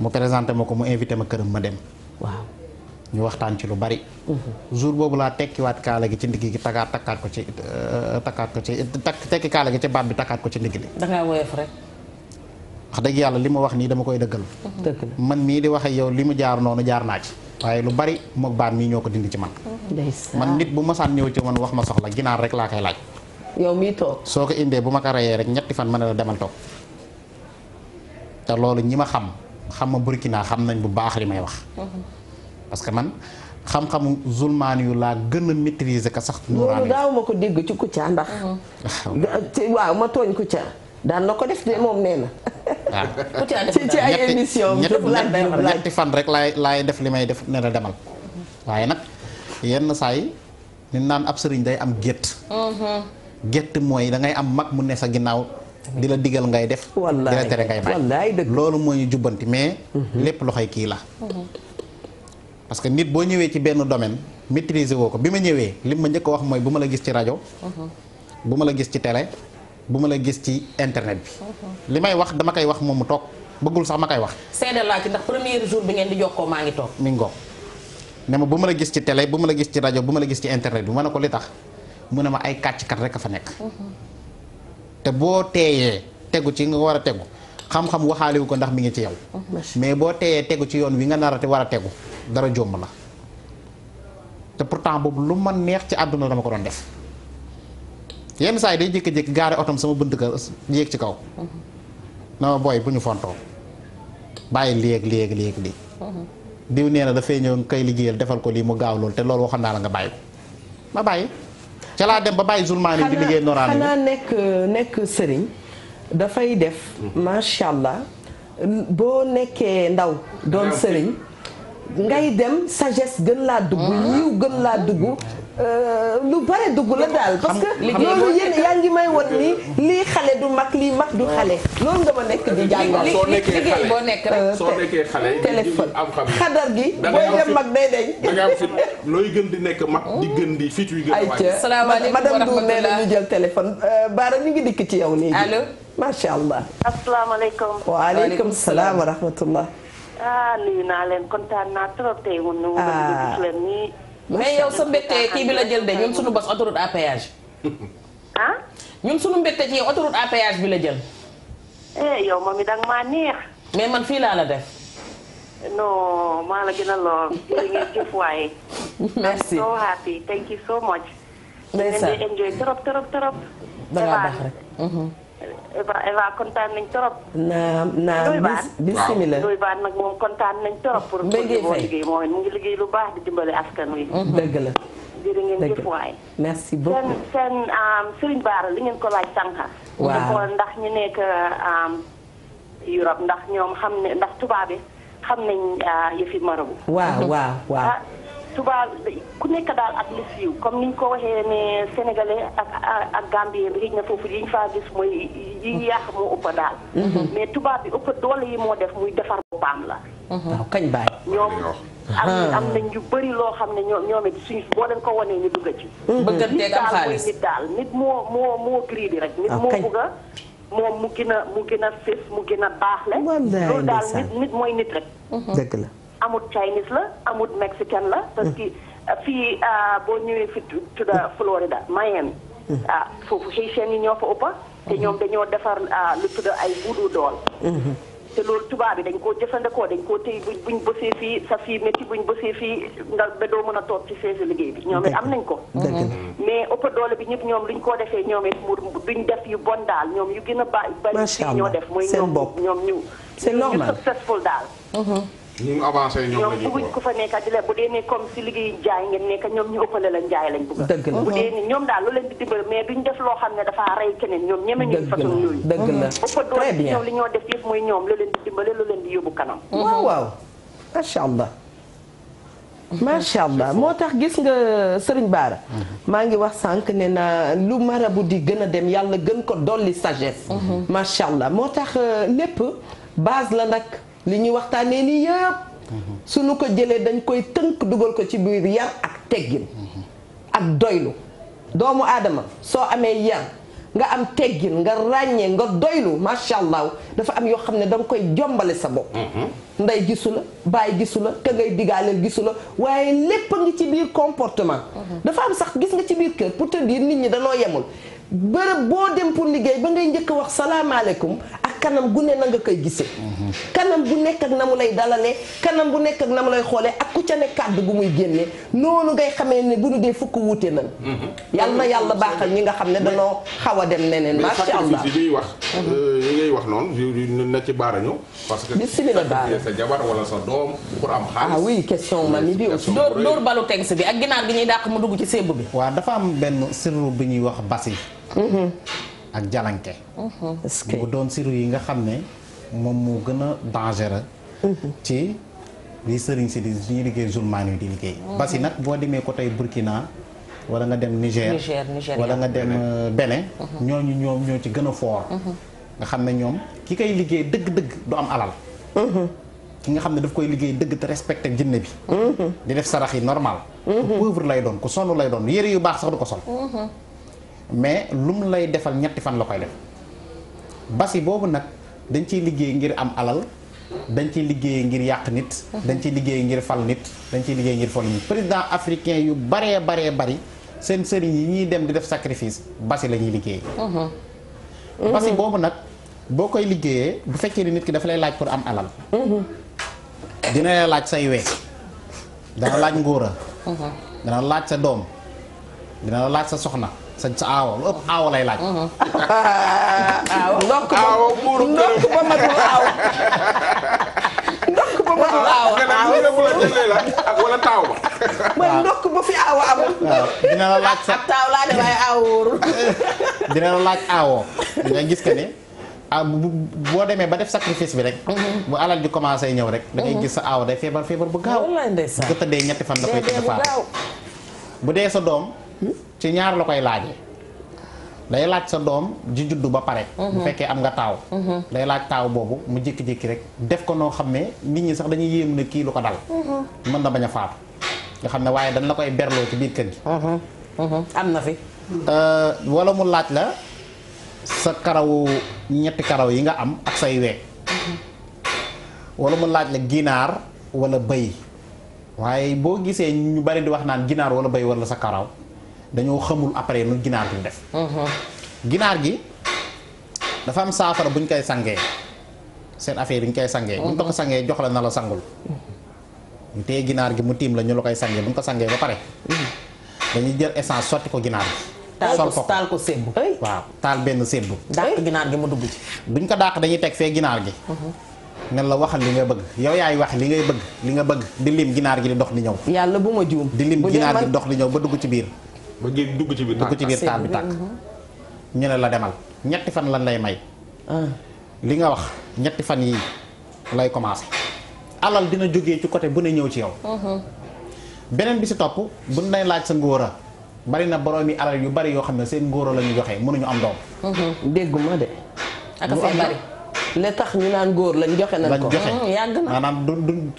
mu présenté ma ko mu invité ma këram ma dem. waaw ñu waxtaan ci lu bari. Uh-huh. jour boobu laa tekkiwaat kaala gi ci ndigg gi takkaat takkaat ko ci euh, takkaat ko ci takk tekki kaala gi ci baat bi takkaat ko ci ndigg li. da woyof rek. wax dëgg yàlla li ma wax nii dama koy dëggal. man mii di wax ak yow li mu jaar noonu jaar naa ci. waaye lu bari mook baat mii ñoo ko dindi ci man man nit bu masaan ñëw ci man wax ma soxla ginaar rek laa koy laaj yow mii toog soo ko indee bu ma ko reyee rek ñetti fan ma ne la demal toog te loolu ñi ma xam xam ma Burkina xam nañ bu baax li may wax parce que man xam-xamu zulmaan yu laa gën a maîtriser ka sax. nuuraan loolu daaw ko dégg ci Kouthia ndax. waaw ma tooñ Kouthia. daan na ko def de moom nee na. waaw ah. ñetti fan rek laay laay def li may def ne la demal. waaye nag yenn saay yi naan ab sëriñ day am gétt. Mm-hmm. gétt mooy dangay am mag mu ne sa ginnaaw. di la digal ngay def. wallaay di tere ngay bàyyi loolu moo jubbanti mais. Mm-hmm. lépp loxoy kii la. Mm-hmm. parce que nit boo ñëwee ci benn domaine maîtriser woo ko bi ma ñëwee li ma njëkk wax mooy bu ma la gis ci rajo. bu ma la gis ci télé. bu ma la gis ci internet bi. Mhm. li may wax dama koy wax moom mu toog bëggul sax ma koy wax. seede laa ci ndax premier jour bi ngeen di jox jokkoo maa ngi toog. mi ngoog ne ma bu ma la gis ci tele bu ma la gis ci rajo bu ma la gis ci internet bi ma ne ko li tax mu ne ma ay kàcckat rek a fa nekk. Mhm. te boo teeyee tegu ci nga war a tegu xam-xam waxaaliwu ko ndax mi ngi ci yow. Mhm, mais boo teeyee tegu ci yoon wi nga nar te war a tegu dara jomb la te pourtant boobu lu ma neex ci àdduna dama ko doon def. yenn saa yi day jékki-jékki gaare otom sama bunt kër yéeg ci kaw na ma bu ñu fontoo bàyyi léeg léeg léeg lii diw nee na dafay ñëw kay liggéeyal defal ko lii mu gaaw loolu te loolu waxoon naa la nga bàyyi ko ma bàyyi ca laa dem ba bàyyi zulmaani di liggéey noraan xanaa nekk nekk sëriñ dafay def mm. macha allah boo nekkee ndaw doon sëriñ ngay dem sagesse gën laa dugg ah. yiw gën laa dugg euh, lu bare dugg la daal parce que loolu yéen may won ni li xale du mag li mag du xale loolu nga ma nekk di jàngal soo boo nekk rek euh, soo nekkee am xam xadar gi booy dem mag day deñ da gën di nekk mag di gën di fit wi gën a wàcc salaamaaleykum madame Diouf nee na ñu jël téléphone euh, Baara ñu ngi dikk ci yow léegi allo macha allah asalaamaaleykum waaleykum salaam wa rahmatullah ah nuyu naa leen kontaan naa trop tey mun na. ah gis leen nii. mais yow sa mbette kii bi la jël de ñun suñu bos autoroute à péage. ah. ñun suñu mbette ci yow autoroute bi la jël. eh yow moom it danga maa neex. mais man fii laa la def. non maa la gën a lool jërë ngeen jëf waaye. merci thank you so much. ndeysaan da ngeen di enjoy trop trop trop. da ngaa rek. Mhm. Eva Eva kontaan nañ trop. naam naam bisimilah doy baan nag moom kontaan nañ trop. pour pour li boo liggéey moom mu ngi liggéey lu baax di dimbale askan wi. Mhm. dëgg la. jërë ngeen jëf waay. merci beaucoup seen seen li ngeen ko laaj sànq. waaw ndax ñu nekk Europe ndax ñoom xam ne ndax tubaab bi xam nañ ah, yëfi marabu. waaw waaw waaw. Ah, tubaab ku nekk daal ak li siiw comme niñ ko waxee ne sénégalais ak ak gambien bi xëy na foofu yiñ faa gis mooy yi yàq moo ëpp daal. Mhm. mais tubaab bi ëpp doole yi moo def muy defar boppam la. Mhm. waaw kañ bàyyi. ñoom am nañ ah. yu bëri loo xam ne ñoom ñoom it suñ boo leen ko wanee ñu dugg ci. Mhm. bëgganteeg am xaalis nit daal mooy nit daal nit moo moo moo gris rek. nit ah, moo bugg a moom mu gën a mu gën a fés mu gën a baax la. loolu daal nit nit mooy nit rek. dëgg la. amut Chinese la amut Mexicain la. parce que euh, fii euh, boo ñëwee fi tudda Florida Miami. Mm-hmm. ah foofu Haïtien yi ñoo fa ëppa te ñoom mm-hmm. dañoo defar ah, lu tudda ay voodoo dool. Mm-hmm. te loolu tubaab bi dañ koo jëfandikoo dañ koo tey buñ buñ bësee fii sa fii métti buñ bësee fii nga ba doo mën a toog ci feesu liggéey bi ñoom it am nañ ko mais ëpp doole bi ñëpp ñoom luñ ko defee ñoom it mu duñ def yu bon daal ñoom yu gën a bari ñoo def mooy ñoom ñoom ñu successful daal ñu avancé ñoom la ñuy bëgg ku fa nekk di la bu dee ne comme si liggéey njaay ngeen nekk ñoom ñu ëppale la njaay lañ bëgg dëgg la bu dee ni ñoom daal lu leen di dimbal mais duñ def loo xam ne dafaa rey keneen ñoom ñeme ñu façon yooyu dëgg la ëppa doole ci def yëpp leen di dimbale lu leen di yóbbu kanam waaw waaw macha allah moo tax gis nga sëriñ Baara maa ngi wax sànq ne na lu bu di gën a dem yàlla gën ko dolli sagesse mhm. macha allah moo tax euh, lépp base la nag li ñuy waxtaanee nii yëpp suñu ko jëlee dañ koy tënk dugal ko ci biir yar ak teggin ak doylu doomu aadama soo amee yar nga am teggin nga ràññee nga doylu macha allah dafa am yoo xam ne danga koy jombale sa bopp mm-hmm. nday gisu la bàyyi gisu la ka ngay digaaleel gisu la waaye lépp a ngi ci biir comportement mm-hmm. dafa am sax gis nga ci biir kër pour te dire nit ñi danoo yemul bërëb boo dem pour liggéey ba ngay njëkk wax salaamaaleykum ak kanam gu ne na nga koy gisee. kanam bu nekk ak na mu lay dalalee kanam bu nekk ak na mu lay xoolee ak ku ca ne kàddu gu muy génnee noonu ngay xamee ne bu ñu dee fukk wuute nañ. Mhm. yal na yàlla baaxal ñi nga xam ne danoo xaw a dem neneen. macha allah mais wax. Mhm. Euh, yi ngay wax noonu na ci baara ñëw. parce que bisimilah baara sa jabar wala sa doom pour am xaalis. ah oui question mami bi aussi. door door balu teg si bi ak ginaar gi ñuy dàq mu dugg ci sébb bi. waaw dafa am benn sirru bi ñuy wax basi. ak jalanke mhm. mu doon siru yi nga xam ne moom moo gën a dangereux mhm. ci li sëriñ si di suñu liggéey zulmaan yi di liggéey mhm. basi nag boo demee ko tey Burkina wala nga dem Niger wala nga dem euh, Bénin ñooñu ñoom ñoo ci gën a foor nga xam ne ñoom ki koy liggéey dëgg-dëgg du am alal ki nga xam ne daf koy liggéey dëgg te respecté jinne bi di def sarax yi normal ku pauvre lay doon ku sonn lay doon yére yu baax sax du ko sol mais lu mu lay defal ñetti fan la koy def basi boobu nag dañ ciy liggéey ngir am alal dañ ciy liggéey ngir yàq nit mhm. dañ ciy liggéey ngir fal nit dañ ciy liggéey ngir fal nit président africain yu baree baree bari seen sëriñ yi ñuy dem di def sacrifice basi lañuy ñuy liggéey mhm. Mhm. basi boobu nag boo koy liggéeyee bu fekkee nit ki dafa lay laaj pour am alal dina la laaj say wee dana laaj ngóora dana laaj sa doom dina la laaj sa soxna sañ sa aawa lu ëpp aawa lay laaj. aawa ndox ba ndox ba ba fi aawa amul. dina la laaj sax ak taaw laa ne waaye aawa wóorul. dina la laaj aawoo nga gis que ni. bu boo demee ba def sacrifice bi rek. bu alal di commencé ñëw rek. dangay gis sa aaw day feebar feebar bu gaaw. bu tëddee ñetti fan da koy bu dee sa doom. ci ñaar la koy laajee day laaj sa doom ji juddu ba pare. Mhm. bu fekkee am nga taaw. Mhm. day laaj taaw boobu mu jékki-jékki rek def ko noo xam ne nit ñi sax dañuy yéemu kii lu ko dal. Mhm. mën na bañ a faatu nga xam ne waaye dañ la koy berloo ci biir kër gi. am na fi. Euh, walla mu laaj la sa karawu ñetti karaw yi nga am ak say weeg. wala mu laaj la ginaar wala bëy waaye boo gisee ñu bari di wax naan ginaar wala bay wala sa karaw. dañoo xamul après nu ginaar gi def. ginaar gi dafa am saafara buñ koy sangee seen affaire bi ñu koy sangee. buñ ko sangee jox la na la sangul. ñu téye ginaar gi mu tiim la ñu la koy sangee buñ ko sangee ba pare. dañuy jël essence sotti ko ginaar gi. sol ko taal ko séddu waaw taal benn séddu. dàq ginaar gi mu dugg ci. buñ ko dàq dañuy teg fee ginaar gi. ne la waxal li nga bëgg yow yaay wax li ngay bëgg li nga bëgg di ginaar gi di dox di ñëw. yàlla bu ma juum. di lim ginaar gi di dox di ñëw ba dugg ci biir. ba géej dugg ci biir dugg ci biir taal bi tàkk ñu ne la demal ñetti fan lan lay may ah. li nga wax ñetti fan yi lay commencé alal dina jógee ci côté bu ne ñëw ci yow uh-huh. beneen bi si topp bu nay laaj sa ngóora bari na boroomi alal yu bari yoo xam ne seen ngóora la ñu joxe mënuñu am doom uh-huh. dégguma de ak fee bari li tax ñu naan góor lañ joxe nañ ko hmm, yàgg na maanaam du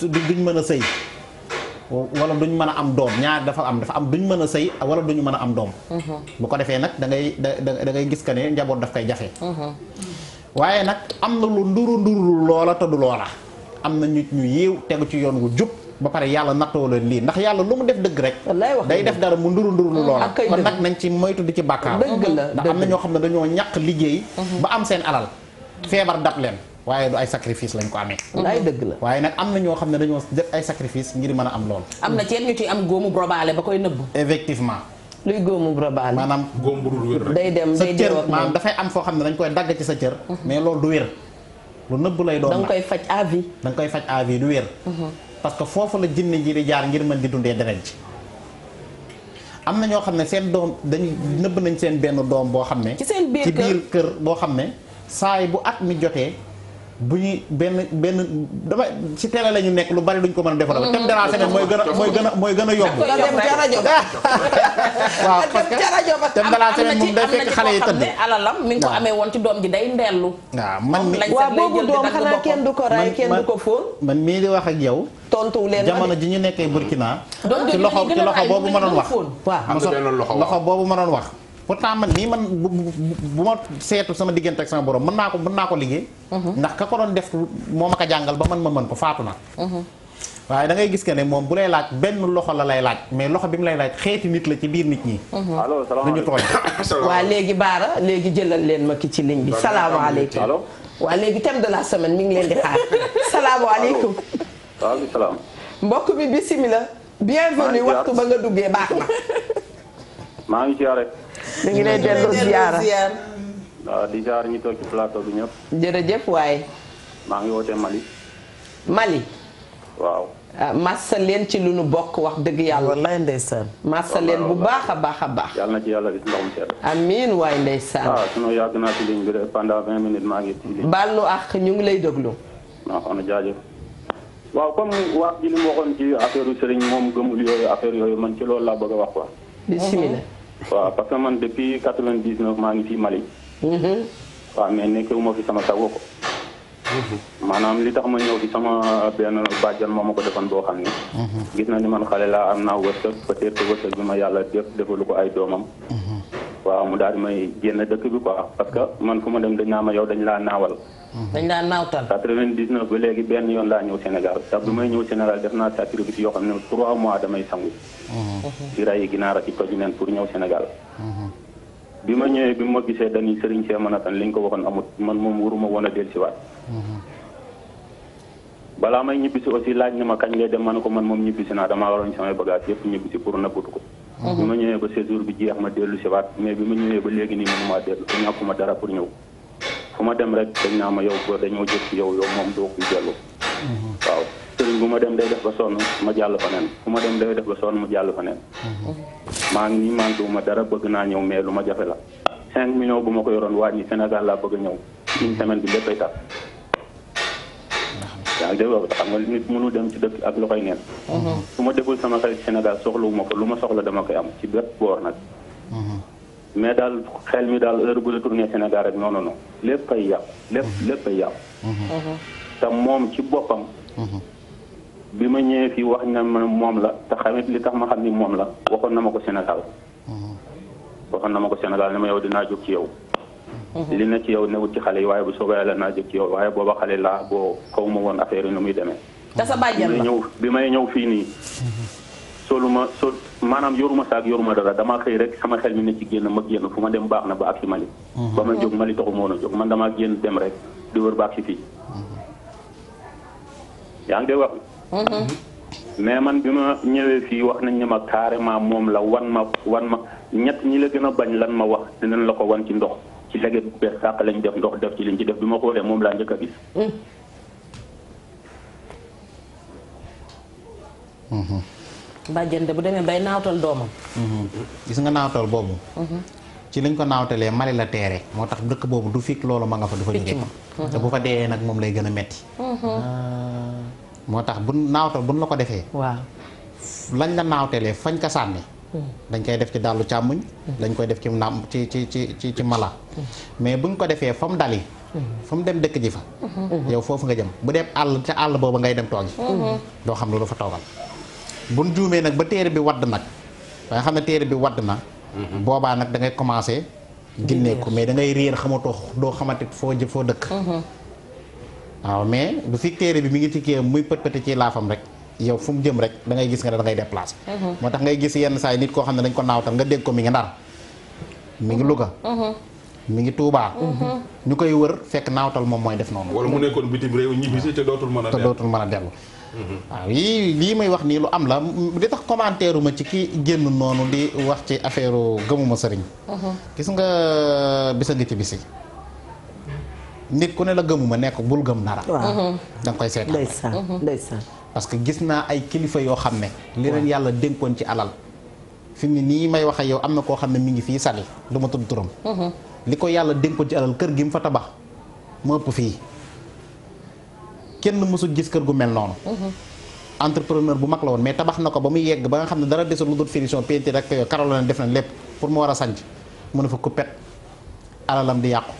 duñ mën a sëy wala duñ mën a am doom ñaar dafa am dafa am duñ mën a sëy wala duñu mën a am doom mhm. bu ko defee nag da ngay da ngay gis que ne njaboot daf koy jafe mhm. waaye nag am na lu nduru nduru loola te du loola am na nit ñu yiw tegu ci yoon wu jub ba pare yàlla nattoo leen lii ndax yàlla lu mu def dëgg rek day def dara mu nduru nduru mhm. loola kon nag nañ ci moytu di ci bàkkaar ndax am na ñoo xam ne dañoo ñàq liggéey ba am seen alal feebar dab leen waaye du ay sacrifice lañ ko amee. ay dëgg la waaye nag am na ñoo xam ne dañoo def ay sacrifice ngir mën a am lool. am na ceeb ñu ciy am góomu robaale ba koy nëbb. effectivement. luy góomu robaale. maanaam góom bu day dem day jëloog maanaam am foo xam ne dañ koy dagg ci sa cër. Mhm. mais loolu du wér. lu lay doon da faj à vie. koy faj à vie du wér. Mhm. parce que foofu la jinne ji jaar ngir mën di dundee deret am na ñoo xam ne seen doom dañuy nëbb nañ seen benn doom boo xam ne. ci seen biir kër boo xam ne saay bu at mi jotee bu ñuy benn benn dama ci télé la ñu nekk lu bari luñ ko mën a defaral. Mm-hmm. thème de la semaine mooy gën mooy gën a mooy gën a yomb. da dem ca rajo ba waaw parce que thème la semaine ci doom ji day ndellu. waaw man mi waaw boobu doom xanaa kenn du ko ray kenn du ko fóon. man mii di wax ak yow. tontu leen jamono ji ñu nekkee Burkina. ci loxo ci loxo boobu ma doon wax. waaw loxo boobu ma doon wax. pourtant man nii man bu ma seetu sama diggante ak sama borom mën naa ko mën naa ko liggéey. Mhm. ndax ka ko doon def moo ma ko jàngal ba man ma man ko faatu na. Mhm. waaye da ngay gis que ne moom bu lay laaj benn loxo la lay laaj mais loxo bi mu lay laaj xeeti nit la ci biir nit ñi. Mhm. allo ñu tooñ. waa léegi Baara léegi jëlal leen ma ki ci ligne bi salaamaaleykum. allo waa léegi thème de la semaine mi ngi leen di xaar salaamaaleykum. waaleykum salaam. mbokk bi bisimilah. bienvenue waxtu ba nga duggee baax na. maa ngi ci ñu ngi lay delloo ziar waaw di ziar ñu plateau bi ñëpp. jërëjëf waaye. maa ngi wootee Mali. Mali. waaw. ah leen ci lu nu bokk wax dëgg yàlla. wallaay ndeysaan. massa leen bu baax a baax a baax. yàlla na ci yàlla gis ndox mu sedd. amiin waay ndeysaan. ah sinon yàgg naa ci ligne bi maa ngi ci ligne. baal ñu ngi lay déglu. waaw xam na jaajëf. waaw comme wax ji li mu ci affaire sëriñ moom gëmul yooyu affaire yooyu man ci loolu laa bëgg a wax quoi. waaw parce que man depuis 99 maa ngi fii Mali. Mhm. waaw mais nekkewuma fi sama taw sago ko. Mhm. maanaam li tax ma ñëw fi sama benn bàjjan moom ma ko defoon boo xam ne. Mhm. gis na ni man xale laa am naa wërsëg peut-être wërsëg bi ma yàlla def defalu ko ay doomam. waaw mu daal di may génn dëkk bi quoi parce que man fu ma dem dañ naa ma yow dañ laa naawal. Mm-hmm. dañ laa naawtal. 99 ba léegi benn yoon laa ñëw Sénégal sax bi may ñëw Sénégal def naa sacrifice yoo xam ne 3 mois damay sangu. Mm-hmm. di rey ginaar ak toju neen pour ñëw Sénégal. Mm-hmm. bi ma ñëwee bi ma gisee dañuy sëriñ see mën a tan li ñu ko waxoon amut man moom waruma woon a waat balaa may ñibbisi aussi laaj na ma kañ ngay dem ma ne ko man moom ñibbisi naa damaa waroon samay bagage yëpp ñibbisi pour nëbbatu ko mhm. bi ma ñëwee ba séjour bi jeex ma dellu si waat mais bi ma ñëwee ba léegi nii mënu maa dellu te ñàkkuma dara pour ñëw fu ma dem rek dañ naa ma yow boo dañoo jël ci yow yow moom doo kuy dellu mhm. waaw sëriñ bu ma dem day def ba sonn ma jàll fa neen fu ma dem day def ba sonn ma jàll fa neen mhm. maa ngi nii manqué wu ma dara bëgg naa ñëw mais lu ma jafe la cinq millions bu ma ko yoroon wàññi Sénégal laa bëgg a ñëw une semaine bi léppay tax yaa ngi dégg xam nga nit mënul dem ci dëkk ak loxo koy neen mhm. su ma deful sama xel Sénégal soxlawu ma ko lu ma soxla dama koy am ci bépp boor nag mhm. mais daal xel mi daal heure bu la tourné Sénégal rek non non lépp ay yàqu lépp mhm. lépp ay yàqu te moom ci boppam bi ma ñëwee fii wax na ma moom la te xamit li tax ma xam ni moom la waxoon na ma ko Sénégal waxoon na ma ko Sénégal ne ma yow dinaa jóg ci yow Mhm. li na ci yow newut ci xale yi waaye bu soobee yàlla naa jóg ci yow waaye booba xale laa boo xaw ma woon affaire yi nu muy demee. te sa bàjjen la ñëw bi may ñëw fii nii. soluma sol maanaam yoruma saak yoruma dara damaa xëy rek sama xel mi ne ci génn ma génn fu ma dem baax na ba ak si Mali. Mhm. ba ma jóg Mali taxu ma woon a jóg man damaa génn dem rek di wër ba ak si fii. Mhm. yaa ngi koy wax. mais man bi ma ñëwee fii wax nañ ne ma carrément moom la wan ma wan ma ñett ñi la gën a bañ lan ma wax dinañ la ko wan ci ndox. ci lege bu bees sàq lañ def ndox def ci liñ ci def bi ma xoolee moom laa njëkk a gis. Mm-hmm. bàjjen de bu demee bay naawtal doomam. Mm-hmm. gis nga naawtal boobu. Mm-hmm. ci lañ ko naawtalee Mali la teere moo tax dëkk boobu du fik loolu ma nga fa du fa jógee. te bu fa deeyee nag moom lay gën a metti ah. moo tax bu naawtal buñ la ko defee. waaw lañ la naawtalee fañ ko sànni. dañ koy def ci dàllu càmmuñ dañ koy def ci naam ci ci ci ci mala mais buñ ko defee fa mu dali fa mu dem dëkk ji fa yow foofu nga jëm bu dem àll ca àll booba ngay dem toogi doo xam loolu fa toogal buñ juumee nag ba téere bi wadd nag ba xam ne téere bi wadd na boobaa nag dangay ngay commencé ginneeku mais da ngay réer xamatoo doo xamante foo jë foo dëkk mhm. waaw mais bu fi téere bi mu ngi tikkee muy pët pëti ci laafam rek yow fu mu jëm rek da gis nga ne da ngay déplacé mhm. moo tax ngay gis yenn saa yi nit koo xam ne dañ ko naawtal nga dégg ko mi ngi ndar mu ngi mhm. Louga mhm. mi ngi Touba. ñu koy wër fekk naawtal moom mooy def noonu wala mu nekkoon bitim réew ñibbisi te dootul mën a te dootul mën a dellu waaw yii lii may wax nii lu am la di tax commentaire ma ci ki génn noonu di wax ci affaire gëmuma sëriñ gis nga euh, bisa ngi ci bisi nit ku ne la gëmuma nekk bul gëm dara. da koy seetaan ndeysaan ndeysaan parce que gis naa ay kilifa yoo xam ne. li leen yàlla dénkoon ci alal. fi mu ne nii may wax yow am na koo xam ne mi ngi fii sali du ma tudd turam. Mm-hmm. li ko yàlla dénkoon ci alal kër gi mu fa tabax mu ëpp fii kenn mësul gis kër gu mel noonu. Mm-hmm. entrepreneur bu mag la woon mais tabax na ko ba mu yegg ba nga xam ne dara desul lu dul finition peinture rek yooyu karol def na lépp pour mu war a sanc mën a fa kuppet alalam di yàqu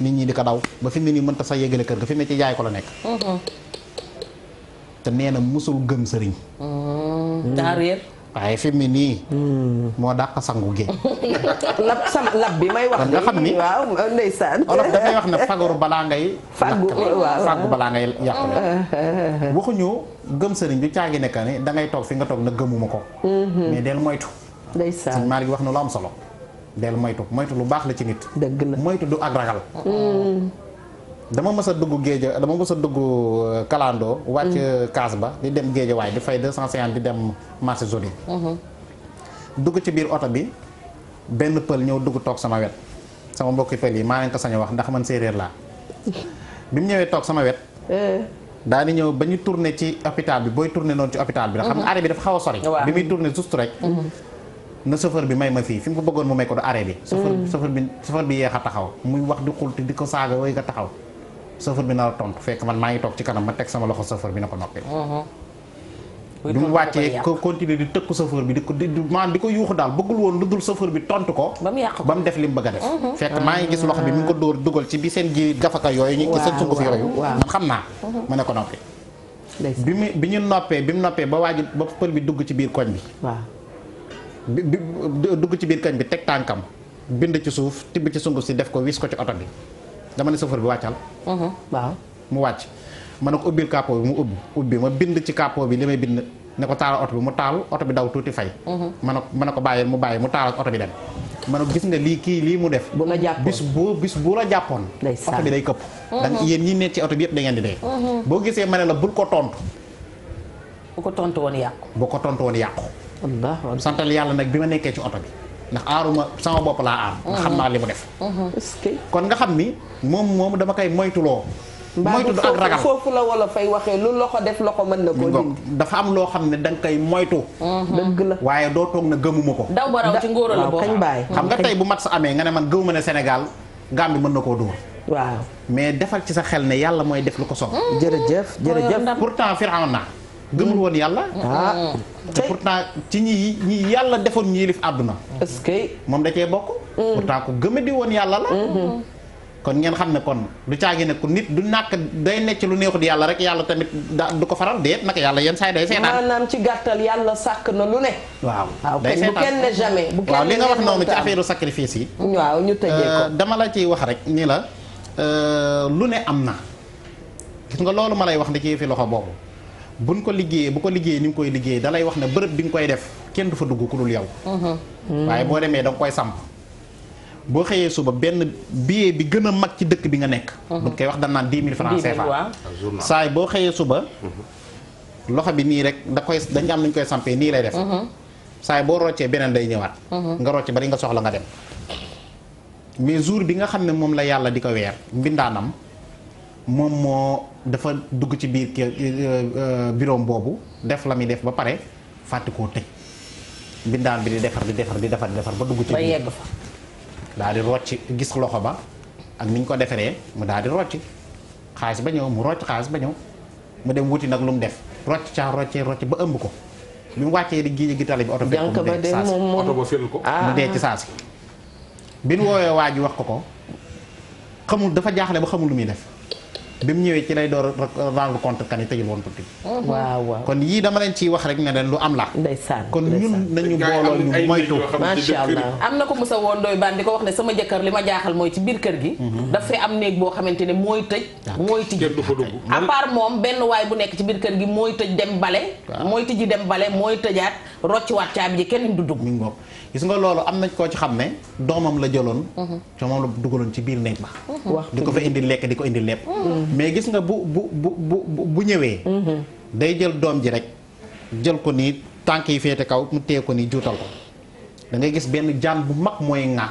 nit ñi di ko daw ba fi mu nii mënta sax yéegale kër ga fi ci jaay ko nekk. Mm-hmm. te nee na musul gëm sëriñ. daa mm, réer. waaye fi mu nii. Mm. moo dàq sangu gi. lab sam lab bi may wax. nga xam ni waaw ndeysaan. olof dafay wax ne fagaru balaa ngay. faggu waaw faggu balaa ngay yàqule. waxuñu gëm sëriñ du caagi nekk ne da ngay toog fi nga toog na gëmuma ko. Mm-hmm. mais del moytu. ndeysaan sëñ Malick wax na lu am solo. del moytu moytu lu baax la ci nit. dëgg la moytu du ak ragal. Mm. dama mës a dugg géeja dama mës a dugg euh, kalandoo wàcc mhm. kaas ba di dem géeja waay di fay deux cent cinquante di dem marché joli mhm. dugg ci biir oto bi benn pël ñëw dugg toog sama wet sama mbokki pël yi maa leen ko sañ a wax ndax man séeréer laa bi mu ñëwee toog sama wet eh. daa di ñëw ba ñu tourné ci hôpital bi booy tourné noonu ci hôpital bi rek xam nga mhm. arrêt bi dafa xaw a sori bi muy tourné juste rek na chauffeur bi may ma fii fi mu ko bëggoon mu may ko du arrêt bi chauffeur chauffeur bi yeex taxaw muy wax di di ko saaga way nga taxaw chauffeur bi na la tontu fekk man maa ngi toog ci kanam ma teg sama loxo chauffeur bi ne ko noppee. Uh-huh. bi mu wàccee ko continuer di tëkku chauffeur bi di ko di maanaam di ko yuuxu daal bëggul woon lu dul chauffeur bi tont ko. ba mu yàq ba mu def li mu bëgg a def. Uh-huh. fekk maa ngi gis loxo bi mu ko dóor dugal ci bi seen ji gafaka yooyu. ñu seen sunguf yooyu. man xam naa. Uh-huh. ma ne ko noppee. bi mu bi ñu noppee bi mu noppee ba waaj ba pël bi dugg ci biir koñ bi. waaw bi dugg ci biir koñ bi teg tànkam bind ci suuf tibb ci sunguf si def ko wis ko ci oto bi dama ne chauffeur bi wàccal. Uh-huh. waaw mu wàcc. ma ne ko ubbil capot bi mu ubbi ma bind ci capot bi li may bind ne ko taal oto bi mu taal oto bi daw tuuti fay. Uh-huh. ma ne ko ma ne ko bàyyi mu bàyyi mu taal ak bi dem. ma a ko gis nga lii kii lii mu def. bu la jàppoon bis bu bis bu la jàppoon. oto bi day këpp. Uh-huh. da yéen ñi nekk ci oto bi yëpp da ngeen di dee. boo gisee ma ne la bul ko tontu. bu ko tontu woon yàqu. bu ko tontu woon yàqu. santal yàlla nag bi ma nekkee ci oto bi. ndax aaruma sama bopp laa aar. ndax xam naa li mu def. Mhm. kon nga xam ni moom moom dama koy moytuloo. moytu du ak ragal foofu la wala fay waxee lu loxo def loxo mën na ko dindi dafa am loo xam ne da nga koy moytu. Mhm. dëgg la waaye doo toog na gëmuma ko. daw ba raw ci ngóor la boo xam nga tey bu mat sa amee nga ne man gëmuma ne Sénégal Gambie mën na koo dóor. waaw mais defal ci sa xel ne yàlla mooy def lu ko soxla. jërëjëf jërëjëf pourtant firaw naa. gëmul woon yàlla. pour ah. pourtant ci ñi ñi yàlla defoon ñi yilif àdduna. est que moom da cee bokk. pourtant ku gëme di woon yàlla la. kon ngeen xam ne kon lu caagi ne ko nit du nàkk day necc lu neexut yàlla rek yàlla tamit da du ko faral déet naka yàlla yenn saa yi day seetaan maanaam ci gàttal yàlla sàkk na lu ne waaw day seetaan bu kenn ne jamais bu kenn waaw li nga wax noonu ci affaire sacrifice yi waaw ñu tëjee ko euh, dama la ciy wax rek nii la euh, lu ne am na gis nga loolu ma lay wax ne ci fi loxo boobu bu buñ ko liggéeyee bu ko liggéeyee ni nga koy liggéeyee dalay wax ne bërëb bi nga koy def kenn du fa dugg ku dul yow. Mm-hmm. waaye boo demee danga koy samp. boo xëyee suba benn billet bi gën a mag ci dëkk bi nga nekk. Mm-hmm. buñ koy wax dañ naan dix mille francs CFA. saay boo xëyee suba. Mm-hmm. loxo bi nii rek da koy dañ am nañ koy sampee nii lay def. saay boo roccee beneen day ñëwaat. nga rocce bari nga soxla nga dem. mais jour bi nga xam ne moom la yàlla di ko weer mbindaanam. moom moo dafa dugg ci biir euh, bureau boobu def la muy def ba pare fàtte koo tëj mbindaan bi di defar di defar di defar di ba dugg ci biir daal di rocci gis loxo ba ak ni ñu ko defaree mu daal di rocci xaalis ba ñëw mu rocc xaalis ba ñëw mu dem wuti nag lu mu def rocc caa roccee rocc ba ëmb ko bi mu wàccee di gii gi tali bi oto ba fil ko ah. mu dee ci bi nu woowee waa ji wax ko ko xamul dafa jaaxle ba xamul lu muy def bi mu ñëwee ci lay door rendre compte kan yi tëjul woon buntu bi oh, waaw waaw kon yii dama leen ciy wax rek ne leen lu am la ndeysaan kon ñun nañu booloo ñu moytu macha allah am na ko musa woon doy baan di ko wax ne sama jëkkër li ma jaaxal mooy ci biir kër gi mhm. dafa fi am néeg boo xamante ne mooy tëj mooy tijji ah à part moom benn waay bu nekk ci biir kër gi mooy tëj dem bale mooy tijji dem bale mooy tëjaat rocciwaat caabi ji kenn du dugg gis nga loolu am nañ koo ci xam ne doomam la jëloon ci mhm. moom la dugaloon ci biir néeg ba mhm. di ko fa indi lekk di ko indi lépp mhm. mais gis nga bu bu bu bu bu ñëwee day jël doom ji rek jël ko ni tànk yi féete kaw mu téye ko nii juutal ko dangay gis benn jaan bu mag mooy ŋaa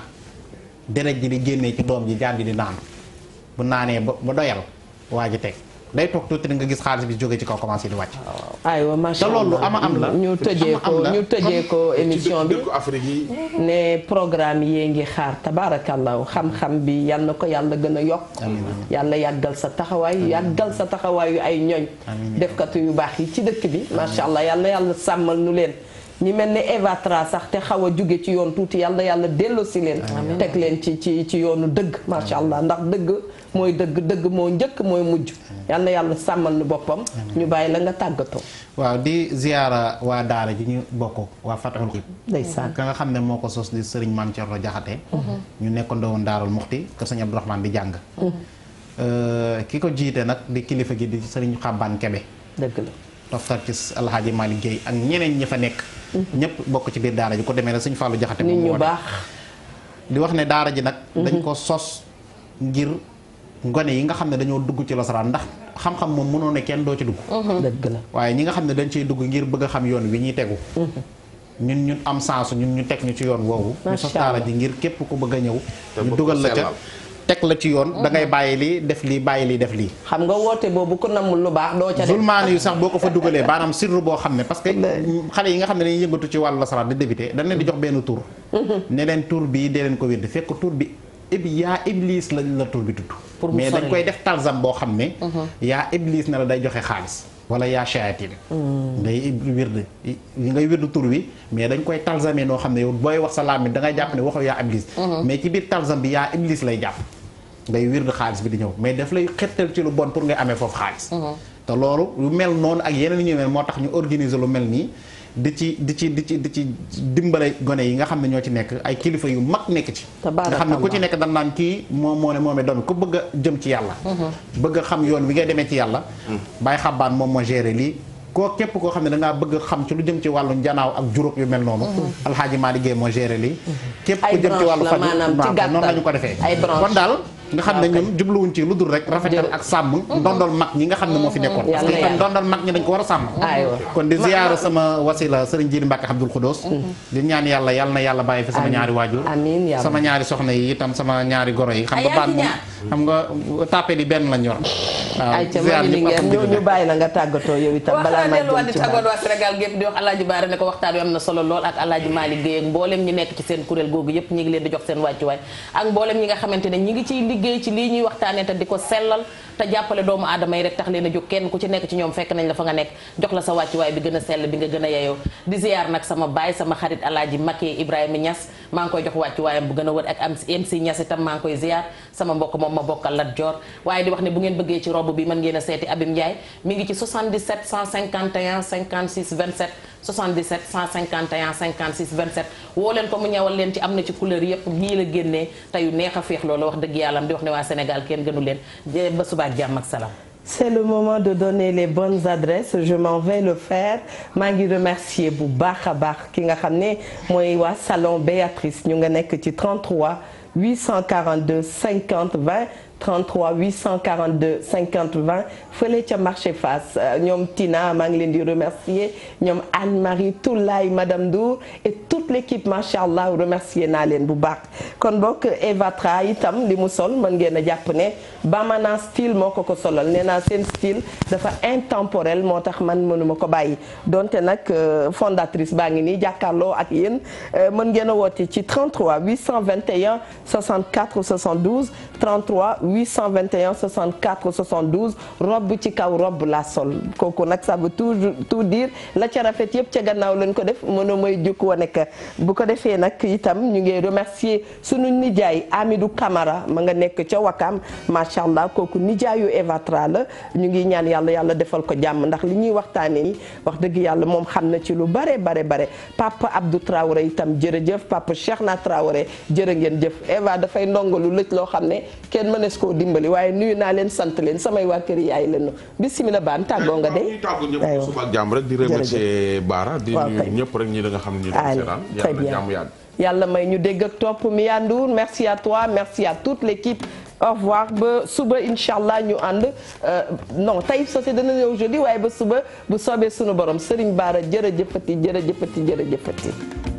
deret ji di génnee ci doom ji jaan ji di naan bu naanee ba doyal waa ji teg day toog tuuti nga gis xaalis bi jóge ci kaw commencé di wàcc. aywa macha allah te loolu ama am la ñu tëjee ko ñu tëjee ko émission bi ne programme yee ngi xaar tabaarakallahu xam-xam bi yal na ko yàlla gën a yokk. yàlla yàggal sa taxawaay yàggal sa taxawaayu ay ñooñ. defkatu yu baax yi ci dëkk bi. macha allah yàlla yàlla sàmmal nu leen. ñi mel ne Eva sax te xaw a jóge ci yoon tuuti yàlla yàlla delloosi leen. teg leen ci ci ci yoonu dëgg. macha allah ndax dëgg. mooy dëgg dëgg moo njëkk mooy mujj yal na yàlla sàmmal nu boppam ñu bàyyi la nga tàggatoo waaw di ziyaara waa daara ji ñu bokk waa Fathul Xadim ndeysaan nga xam ne moo ko sos di sëriñ Maam Cerno Jaxate mhm. ñu nekkandoo woon daarul muxti kër mhm. eh, ki ko jiite nag di kilifa gi di sëriñ Xabbaan Kebe dëgg la toftal ci alxaaji Malick Guèye ak ñeneen ñi fa nekk mhm. ñëpp bokk ci biir daara ji ko demee ne sëñ Fallou Jaxate nit ñu baax di wax ne daara ji nag dañ ko sos ngir ngone yi nga xam ne dañoo dugg ci lasaraan ndax xam-xam moom mënoo kenn doo ci dugg mhm. waaye ñi nga xam ne dañ ciy dugg ngir bëgg a xam yoon wi ñuy tegu mhm. ñun ñun am saasu ñun ñu teg ñu ci yoon woowu ñu sos daara ji ngir képp ku bëgg a ñëw ñu dugal la ca teg la ci yoon da ngay mhm. bàyyi lii def lii bàyyi lii def lii xam nga woote boobu ku namul lu baax doo ca def zulmaan yu sax boo ko fa dugalee maanaam sirru boo xam ne parce que xale yi nga xam ne dañuy yëngatu ci wàllu pour mu mais dañ koy def talsam boo xam ne. Mhm. yaa iblis na la day joxe xaalis. wala yaa shayatin hmm. ngay wird ngay tur wi mais dañ koy talsamee noo xam ne yow booy wax sa làmmiñ da ngay jàpp ne waxoo yaa iblis mhm. mais ci biir talsam bi yaa iblis lay jàpp ngay wird xaalis bi di ñëw mais daf lay xettal ci lu bon pour ngay amee foofu xaalis mhm. te loolu lu mel noonu ak yeneen ñu mel moo tax ñu organiser lu mel nii di ci di ci di ci di ci dimbale gone yi nga xam ne ñoo ci nekk ay kilifa yu mag nekk ci nga xam ne ku ci nekk dan naan kii moom moo ne moomee doom ku bëgg a jëm ci yàlla mm-hmm. bëgg a xam yoon wi ngay demee ci yàlla mm. bàyyi xabbaan moom moo géré lii ko képp koo xam ne da bëgg xam ci lu jëm ci wàllu njanaaw ak juróom yu mel noonu mm-hmm. alxaaji Malick Gueye moo géré lii mm-hmm. képp ku jëm ci wàllu faj noonu lañu ko defee kon daal nga xam ne ah, ñoom jubluwuñ ci lu dul rek rafetal ak sàmm mm-hmm. ndondol mag ñi nga xam ne moo fi nekkoon parce que kon ndondol mag ñi dañ ko war a sàmm ah, kon di ziyaara sama wasila sëriñ mm-hmm. na yàlla bàyyi fi sama ñaari waajur sama ñaari soxna yi itam sama ñaari goro yi xam nga baat moom xam nga tàppe di benn lañ yor waaw ziyaar ñu bàyyi la nga tàggatoo yow itam balaa ma delluwaat di tàggatoo waa Sénégal gépp di wax alaaji Baara ne ko waxtaan wi am na solo lool ak alaaji Malick Guèye ak mboolem ñi nekk ci seen kuréel googu yëpp ñi liggéey ci lii ñuy waxtaanee te di ko sellal te jàppale doomu aadama yi rek tax leen a jóg kenn ku ci nekk ci ñoom fekk nañ la fa nga nekk jox la sa wàccuwaay bi gën a sell bi nga gën a yeyoo di ziyaar nag sama baay sama xarit alaaji Macky Ibrahima Niass maa ngi koy jox wàccuwaayam bu gën a wër ak MC Niass itam maa ngi koy ziyaar sama mbokk moom ma bokkal Lat waaye di wax ne bu ngeen bëggee ci robe bi mën ngeen a seeti Abim Ndiaye mi ngi ci 77 151 56 77 151 56 27 woo leen ko mu ñawal leen ci am na ci couleur yëpp ñii la génnee te yu neex a féex loola wax dëgg yàlla di wax ne waa Sénégal kenn gënu leen ba suba ak jàmm ak salaam. C'est le moment de donner les bonnes adresses je m'en vais le faire maa ngi remercier bu baax a baax ki nga xam ne mooy waa salon Béatrice ñu nga nekk ci 33 842 50 20 33 842 50 20 fële ca marché Fass euh, ñoom Tina maa ngi leen di remercier ñoom Anne-Marie Toulaye madame Ndour et toute l'équipe macha allah remercier naa leen bu baax. kon bokk Eva itam li mu sol mën ngeen a jàpp ne Bamana style moo ko ko solal nee naa seen style dafa intemporel moo tax man mënuma ko bàyyi donte nag euh, fondatrice baa ngi nii jàkkaarloo ak yéen euh, mën ngeen a woote ci 33 821 64 72 33. 821 64 72 robb ci kaw robb laa sol kooku nag ça veut toujours tout la ca rafet yëpp ca gannaaw lañ ko def mëno mooy jukk wane ka bu ko defee nag itam ñu ngi remercier sunu nijaay ami du Camara ma nga nekk ca Wakam macha allah kooku nijaayu Eva Tra la ñu ngi ñaan yàlla yàlla defal ko jàmm ndax li ñuy waxtaanee wax dëgg yàlla moom xam na ci lu bare bare bare Papa Abdou Traoré itam jërëjëf Papa Cheikhna Traoré jërë ngeen jëf Eva dafay ndongalu lëj loo xam ne mënees koo dimbali waaye nuyu naa leen sant leen samay waa kër yaay leen bisimilah baan tàggoo nga de. Ah, aywa ñëpp suba ak Baara di nuyu ñëpp rek ñi da xam ne ñu doon seetaan yàlla jàmm yàlla may ñu dégg ak topp mi yanduur merci à toi merci à toute l'équipe au revoir ba suba incha allah ñu ànd euh, non tey sosé dana ñëw jeudi waaye ba suba bu soobee sunu borom Serigne Bara jërëjëfati jërëjëfati jërëjëfati